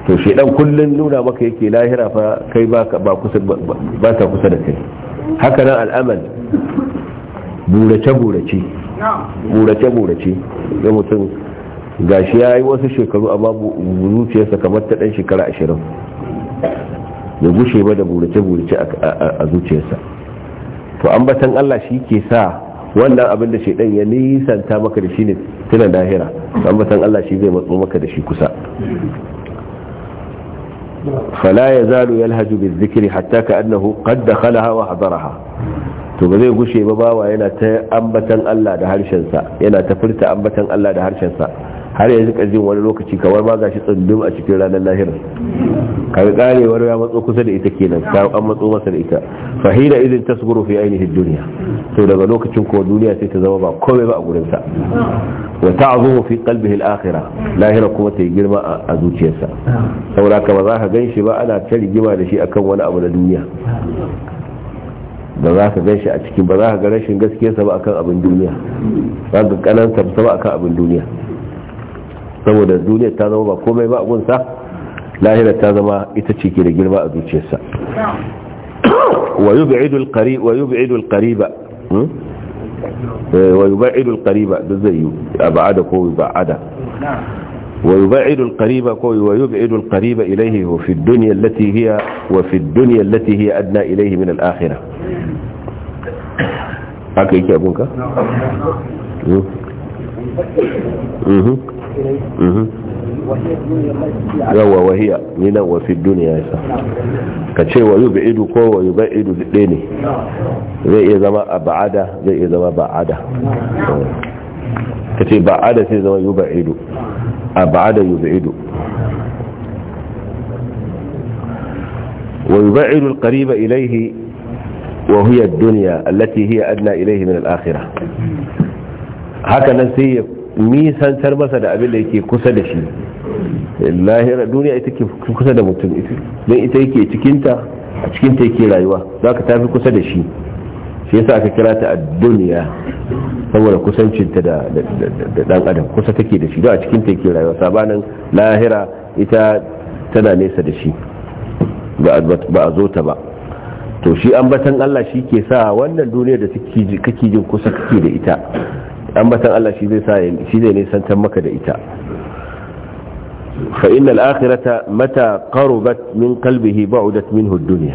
to dan kullun nuna maka yake lahira fa kai ba ta kusa da kai haka nan al'amal burace-burace burace-burace ga mutum gashi ya yi wasu shekaru amma zuciyarsa kamar ta dan shekara ashirin ya gushe ba da burace-burace a zuciyarsa to ambatan Allah shi ke sa wannan abin da shaidan ya nisanta maka da shi ne tunan lahira to ambatan Allah shi zai matso maka da shi kusa fala ya zalu yalhaju bi zikiri hatta ka annahu qad to ba zai gushe ba bawa yana ta ambatan Allah da harshensa yana ta furta ambatan Allah da harshensa har yanzu ka jin wani lokaci kamar ma gashi tsundum a cikin ranar lahira kaga karewar ya matso kusa da ita kenan ka an matso masa da ita fa hina idin tasguru fi ainihi dunya to daga lokacin ko duniya sai ta zama ba komai ba a gurin sa wa ta'zuhu fi qalbihi al-akhirah lahira kuma ta yi girma a zuciyarsa saboda ka ba za ka ganshi ba ana ta rigima da shi akan wani abu na duniya ba za ka gan shi a cikin ba za ka ga rashin gaskiyarsa ba akan abin duniya ba ka kananta ba akan abin duniya saboda duniya ta zama ba komai ba abunsa lahira ta zama ita ce ke da girma a zuciyarsa wa yub'idu al-qarib wa yub'idu hmm? eh, wa yub'idu al da zai abada ko ba'ada ويبعد القريب ويبعد القريب إليه في الدنيا التي هي وفي الدنيا إليه وهي الدنيا وهي من وفي الدنيا يسا كتشي ويبعد كو ويبعد الدين زي إذا إيه ما أبعد زي إذا إيه ما بعد كتشي بعد سي إذا ما يبعد أبعد يبعد ويبعد القريب إليه وهي الدنيا التي هي أدنى إليه من الآخرة هكذا سيكون nisantar masa da abin da yake kusa da shi lahira duniya ita ke kusa da mutum don ita yake cikinta a cikinta yake rayuwa za ka tafi kusa da shi shi yasa aka kira ta a duniya saboda kusancinta da dan adam kusa take da shi don a cikinta yake rayuwa sabanin lahira ita tana nesa da shi ba a zo ta ba to shi ambatan Allah shi ke sa wannan duniya da kake jin kusa kake da ita ambatan Allah shi zai sa shi zai nisantar maka da ita fa innal akhirata mata qarabat min qalbihi ba'udat minhu ad-dunya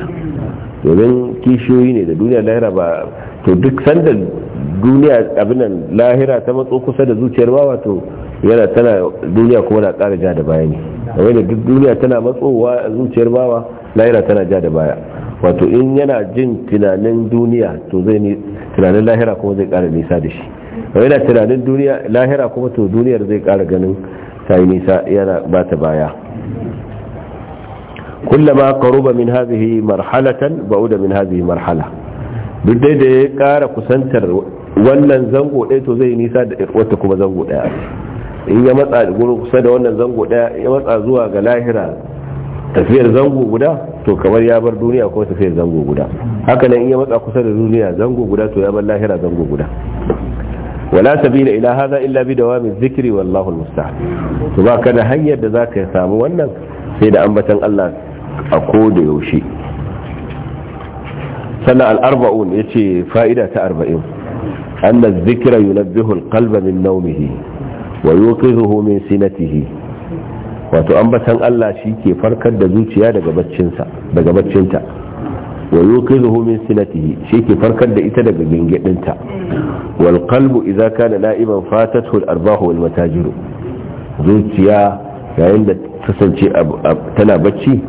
domin kishiyoyi ne da duniya lahira ba to duk sanda duniya abinan lahira ta matso kusa da zuciyar ba wato yana tana duniya kuma na ƙara ja da baya ne kamar duk duniya tana matsowa zuciyar bawa lahira tana ja da baya wato in yana jin tunanin duniya to zai ni tunanin lahira kuma zai kara nisa da shi yana tunanin duniya lahira kuma to duniyar zai kara ganin ta yi nisa yana ba ta baya kullama qaruba min hadhihi marhalatan ba'uda min hadhihi marhala duk dai da ya kara kusantar wannan zango ɗaya to zai nisa da wata kuma zango ɗaya in ya matsa gurin kusa da wannan zango ɗaya ya matsa zuwa ga lahira tafiyar zango guda to kamar ya bar duniya ko tafiyar zango guda haka nan in ya matsa kusa da duniya zango guda to ya bar lahira zango guda wala sabila ila hadha illa bi dawami dhikri wallahu almusta'an to ba kana hanyar da zaka samu wannan sai da ambatan Allah a koda yaushe sannan al-arba'un yace fa'ida ta arba'in anna dhikra yunabbihu al-qalba min nawmihi wa yuqidhuhu min sinatihi wato ambatan Allah shi ke farkar da zuciya daga baccinsa daga baccinta wa yuqizuhu min sinatihi shi ke farkar da ita daga gingidinta wal qalbu idza kana la'iban fatatuhu al arbahu wal matajir zuciya yayin da ta kasance tana bacci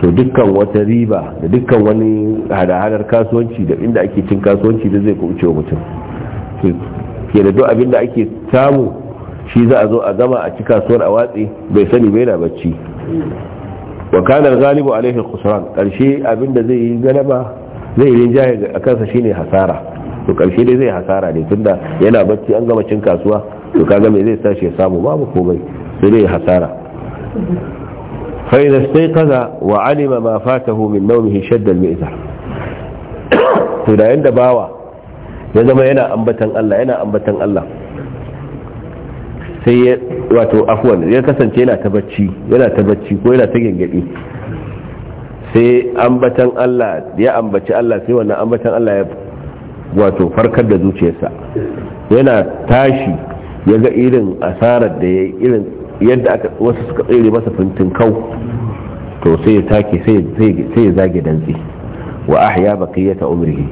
to dukkan wata riba da dukkan wani hada-hadar kasuwanci da inda ake cin kasuwanci da zai kuce wa mutum ke da duk abin da ake samu shi za a zo a gama a ci kasuwar a watsi bai sani bai na bacci wa kanar galibu alaihi khusran karshe abinda zai yi galaba zai yi rinjaye a kansa shine hasara to ƙarshe dai zai hasara ne tunda yana bacci an gama cin kasuwa to kaga me zai sashi ya samu babu komai sai dai hasara fa idza istayqaza wa alima ma fatahu min nawmihi shadda al-mi'zar to da yanda bawa ya zama yana ambatan Allah yana ambatan Allah sai ya wato afwan ya kasance yana ta bacci yana ta ko yana ta gengedi sai ambatan Allah ya ambaci Allah sai wannan ambatan Allah ya wato farkar da zuciyarsa yana tashi ya ga irin asarar da ya irin yadda aka wasu suka tsere masa fintin kau to sai ya take sai ya zage dantse wa ahya baqiyata umrihi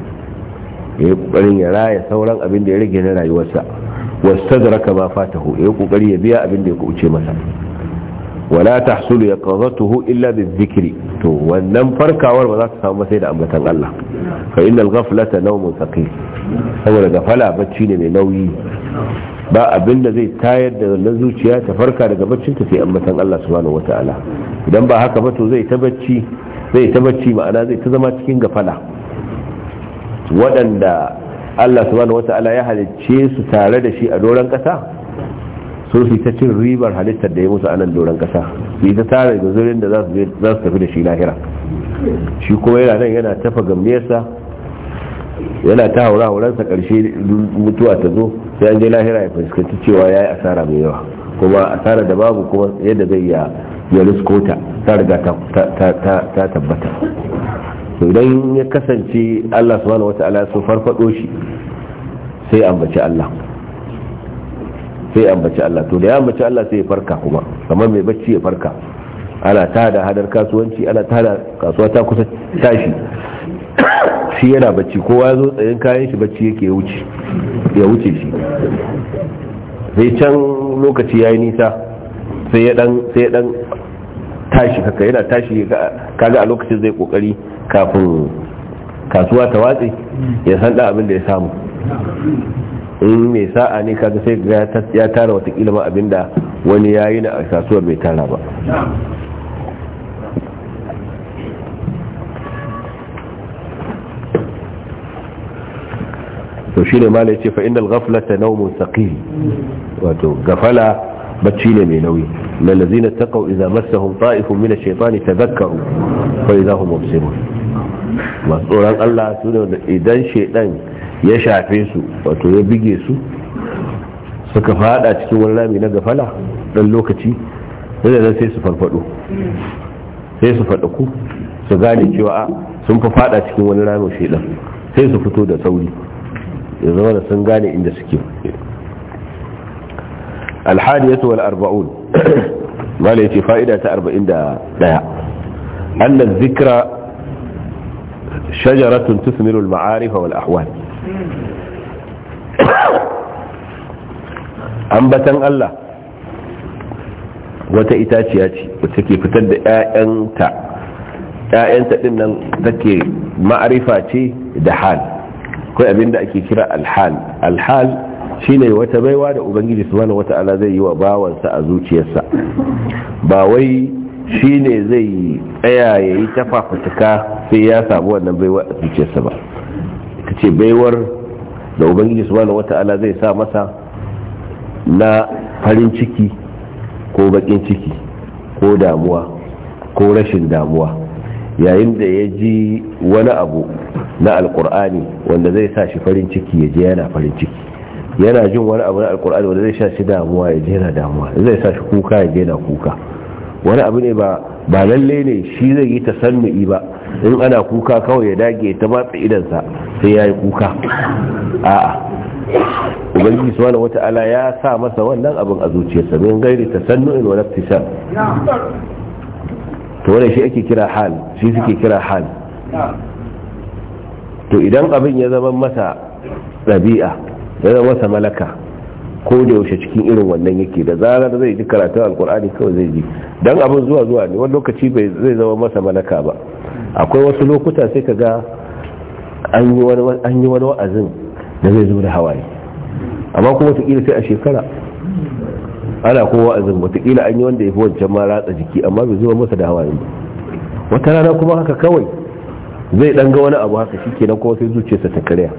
ya yi ya raya sauran abin da ya rage na rayuwarsa wastadraka ma fatahu ya kokari ya biya abin da ya kuce masa wala ya tahsulu yaqazatuhu illa bizikri to wannan farkawar ba za ta samu sai da ambatan Allah fa innal ghaflata nawmun thaqil saboda gafala bacci ne mai nauyi ba abin zai tayar da wannan zuciya ta farka daga baccin ta sai ambatan Allah subhanahu wataala idan ba haka ba to zai ta bacci zai ta bacci ma'ana zai ta zama cikin gafala waɗanda Allah subhanahu wata'ala ya halicce su tare da shi a doron kasa so su ta cin ribar halittar da ya musu anan doron kasa su ta tare da zurin da za su tafi da shi lahira shi kuma yana nan yana tafa gamnesa yana ta haura wuransa karshe mutuwa ta zo sai an je lahira ya fuskanci cewa ya yi asara mai yawa kuma asara da babu kuma yadda zai ya ya riskota ta riga ta tabbata idan ya kasance allah subhanahu wata'ala sun farfado shi sai ambaci Allah sai ambaci Allah to da ya ambaci Allah sai ya farka kuma kamar mai bacci ya farka ana tada hadar kasuwanci ana tada kasuwa ta kusa tashi shi yana bacci kowa zo tsayin kayan shi bacci yake wuce ya wuce shi sai can lokaci yayi nisa sai ya dan sai ya dan tashi haka yana tashi kaga a lokacin zai kokari kafin kasuwa ta watse ya san da abin da ya samu in mai sa'a ne kaga sai ya tara watakila ma abinda wani ya yi na a kasuwar bai tara ba to shi ne mala ya ce fa'in al-ghaflata naumun saƙil wato gafala bacci ne mai nauyi lalazina taqaw idza massahum ta'ifun min ash ta tadhakkaru fa idza hum mubsirun masu tsoron Allah su ne idan shaytan ya shafe su wato ya bige su suka fada cikin wani rami na gafala ɗan lokaci da nan sai su farfado sai su faɗaku su gane cewa a sun fa fada cikin wani ramin shaidan sai su fito da sauri ya zama da sun gane inda suke alhadiyatu wal arba'un mala ce fa'ida ta arba'in 41 anna dhikra shajaratun tusmiru al ma'arif wal ahwal ambatan Allah wata itaciya ce wacce ke fitar da 'ya'yanta ‘ya'yanta ɗin nan take ma'arifa ce da hal kai abinda ake kira alhal alhal shine wata baiwa da ubangiji wata wata'ala zai yi wa bawansa a zuciyarsa ba wai shine zai tsaya yayi tuka sai ya samu wannan baiwa a zuciyarsa ba ce baiwar da ubangiji subhanahu wata'ala zai sa masa na farin ciki ko bakin ciki ko damuwa ko rashin damuwa yayin da ya ji wani abu na alkur'ani wanda zai sa shi farin ciki ya je yana farin ciki yana jin wani abu na alkur'ani wanda zai sa shi damuwa ya je yana damuwa zai sa shi kuka ya je yana kuka wani abu ne ba lalle ne shi zai yi tasannu'i ba in ana kuka kawai ya dage ta matsa idansa sai ya yi kuka a'a ubangiji wata wata'ala ya sa masa wannan abin a zuciyarsa min gairi in wani naftisan to wani shi ake kira hal shi suke kira hal to idan abin ya zama masa ɗabi'a ya zama masa malaka ko da yaushe cikin irin wannan yake da zarar zai ji karatun alkur'ani kawai zai ji dan abin zuwa zuwa ne wani lokaci bai zai zama masa malaka ba akwai wasu lokuta sai ka ga an yi wani wa'azin da zai zo da hawaye amma kuma watakila sai a shekara ana kuma wa'azin watakila an yi wanda ya fi wancan ma ratsa jiki amma bai zuwa masa da hawaye ba wata rana kuma haka kawai zai dan ga wani abu haka shike nan kuma sai zuciyarsa ta karya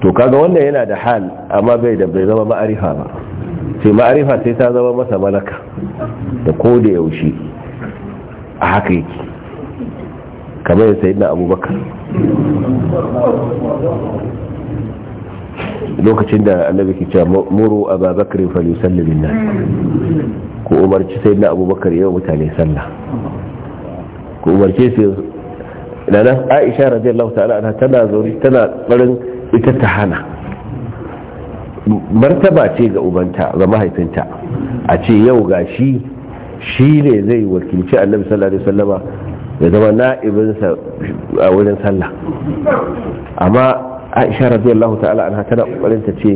to kaga wannan yana da hal amma bai da bai zama ma'arifa ba sai ma'arifa sai ta zama masa malaka da ko da yaushe a haka yake kamar ya sayi na abubakar lokacin da annabi ke cewa muru a babakarin Sallamin nan ku umarci sayi na abubakar yau mutane sallah ku umarce su na nan aisha radiyallahu ta'ala tana zaune tana tsarin ita ta hana martaba ce ga ubanta ga mahaifinta a ce yau ga shi shi ne zai wakilci annabi sallallahu alaihi wasallama ya zama na'ibinsa a wurin sallah amma aisha radiyallahu ta'ala anha tana kokarin ta ce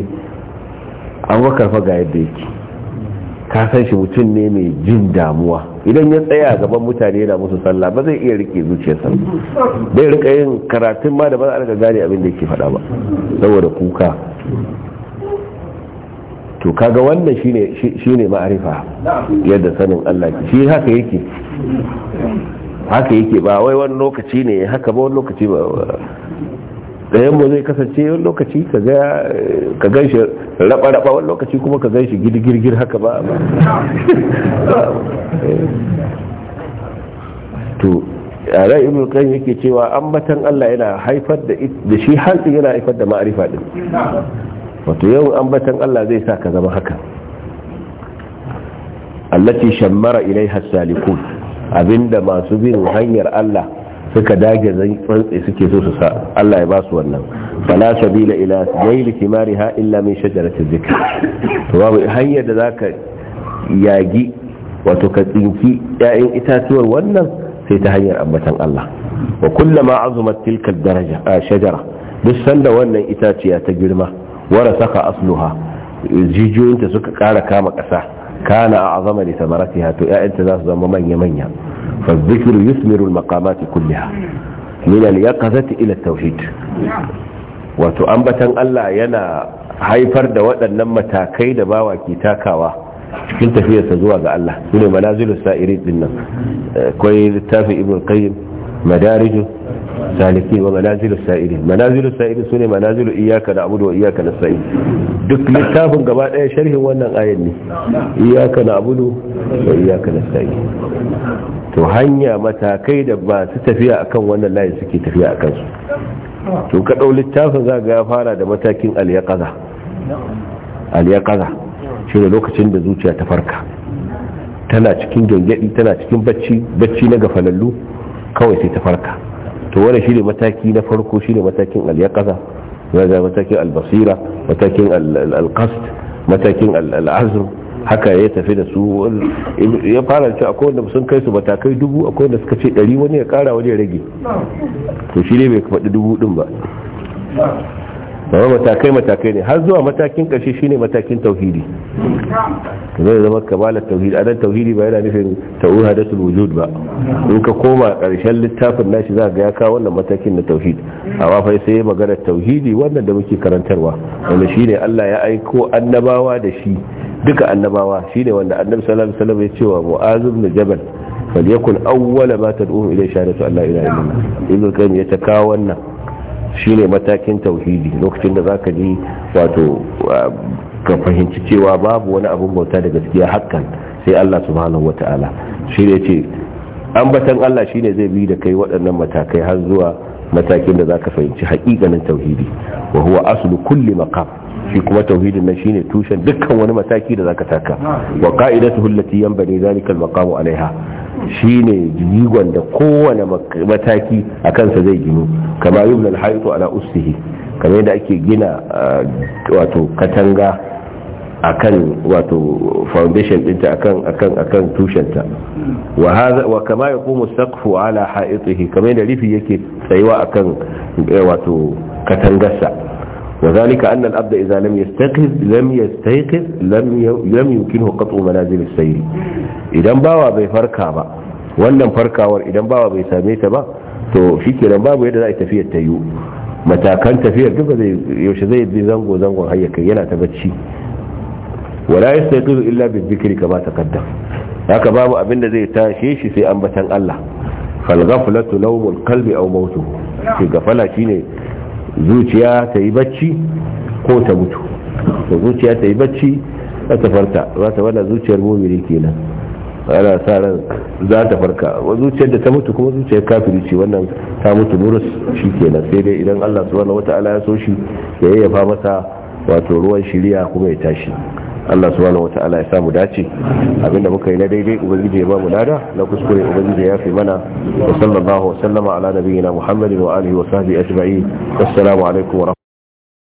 an wakar fa ga yadda yake ka san shi mutum ne mai jin damuwa idan ya tsaya gaban mutane yana musu sallah ba zai iya rike zuciyarsa bai rika yin karatun ma da ba za a gane abin da yake faɗa ba saboda kuka to kaga wannan shine shine ma'arifa yadda sanin Allah shi haka yake haka yake ba wai wani lokaci ne haka ba wani lokaci ba ɗayan mu zai kasance wani lokaci ka gan shi raba-raba wani lokaci kuma ka gan shi girgirgir haka ba to yare ibn qayyim yake cewa ambatan Allah yana haifar da shi hantsi yana haifar da ma'arifa din wato yau ambatan Allah zai sa ka zama haka allati shammara ilaiha hasalikun. abinda masu bin hanyar Allah suka dage tsantsi suke so su sa Allah ya ba su wannan fala sabila ila naili kimariha illa min shajarati dhikr to babu hanyar da zaka yagi wato ka tsinki 'ya'yan itatuwar wannan sai ta hanyar ambatan Allah wa kullama azumat tilka daraja a shajara duk sanda wannan itaciya ta girma warasaka asluha jijiyoyinta suka ƙara kama ƙasa kana a azama da samaratiha to ‘ya'yanta za su zama manya-manya fazzikiru yusmirul makamati kulliha min al-yaqazati ila tauhid wato ambatan Allah yana haifar da waɗannan matakai da bawa ke takawa cikin tafiyarsa zuwa ga Allah su ne manazilus sa'irin din nan littafin ibn qayyim madariju saliki wa manazilu sa'irin manazilu sa'irin sune manazilu iyyaka na'budu wa iyyaka nasta'in duk littafin gaba daya sharhin wannan ayat ne iyyaka na'budu wa iyyaka nasta'in to hanya matakai da ba su tafiya akan wannan layin suke tafiya akan su to ka littafin zaka ya fara da matakin al-yaqaza al-yaqaza shine lokacin da zuciya ta farka tana cikin gangadi tana cikin bacci bacci na gafalallu kawai sai ta farka to wannan shine mataki na farko shine matakin al-yaqaza wanda matakin al-basira matakin al-qasd matakin al-azm haka ya tafi da su ya fara cewa akwai wanda sun kai su matakai dubu akwai wanda suka ce ɗari wani ya ƙara wani ya rage to shi ne bai faɗi dubu ɗin ba zama matakai matakai ne har zuwa matakin ƙarshe shine matakin tauhidi zai zama kamala tauhidi anan tauhidi ba yana nufin tauhid hadasul wujud ba in ka koma ƙarshen littafin nashi za ga ya kawo wannan matakin na Tauhidi, amma fa sai magana tauhidi wannan da muke karantarwa wanda shine Allah ya aiko annabawa da shi duka annabawa shine wanda annabi sallallahu alaihi wasallam ya ce wa mu'azu ibn jabal falyakun awwala ma tad'u ila shahadatu alla ilaha illallah ibn qayyim ya ta kawo wannan shine matakin tauhidi lokacin da zaka ji wato ka fahimci cewa babu wani abin bauta da gaskiya hakan sai Allah subhanahu wataala shi ne ce ambatan Allah shine zai bi da kai waɗannan matakai har zuwa matakin da zaka fahimci haƙiƙanin tauhidi wa huwa aslu kulli maqam shi kuma tauhidin nan shine tushen dukkan wani mataki da zaka taka wa qa'idatuhu allati yanbani zalika al-maqamu alaiha shine jigon da kowane mataki a kansa zai gino, kama yubna al-haytu ala ustihi kamar yadda ake gina uh, wato katanga akan wato foundation dinta akan akan akan tushenta wa hadha wa kama yaqumu saqfu ala ha'itihi kamar da rifi yake tsayuwa akan eh, wato katangarsa وذلك أن الأبد إذا لم يستيقظ لم يستيقظ لم لم يمكنه قطع منازل السير إذا باوا بي با wannan farkawar idan bawa bai same ta ba to shikenan babu yadda za a tafiyar ta yiwu matakan tafiyar duka zai yaushe zai bi zango zangon hayyaka yana ta bacci wala yastaqizu illa bi dhikri kama taqaddam haka babu abin da zai tashe shi sai ambatan Allah fal ghaflatu lawmul qalbi aw shi gafala shine zuciya ta yi bacci ko ta mutu ko zuciya ta yi bacci za ta farka za ta wada zuciyar mumini kenan ana sa ran za ta farka zuciyar da ta mutu kuma zuciyar kafiri ce wannan ta mutu murus shi kenan sai dai idan Allah subhanahu wataala ya so shi ya yayyafa masa wato ruwan shiriya kuma ya tashi Allah subhanahu wata'ala ya samu dace abinda muka yi na daidai ubangiji ya ba mu lada na kuskure ubangiji ya fi mana wa sallallahu wa sallama ala nabiyyina muhammadin wa alihi wa sahbihi ajma'in assalamu alaikum wa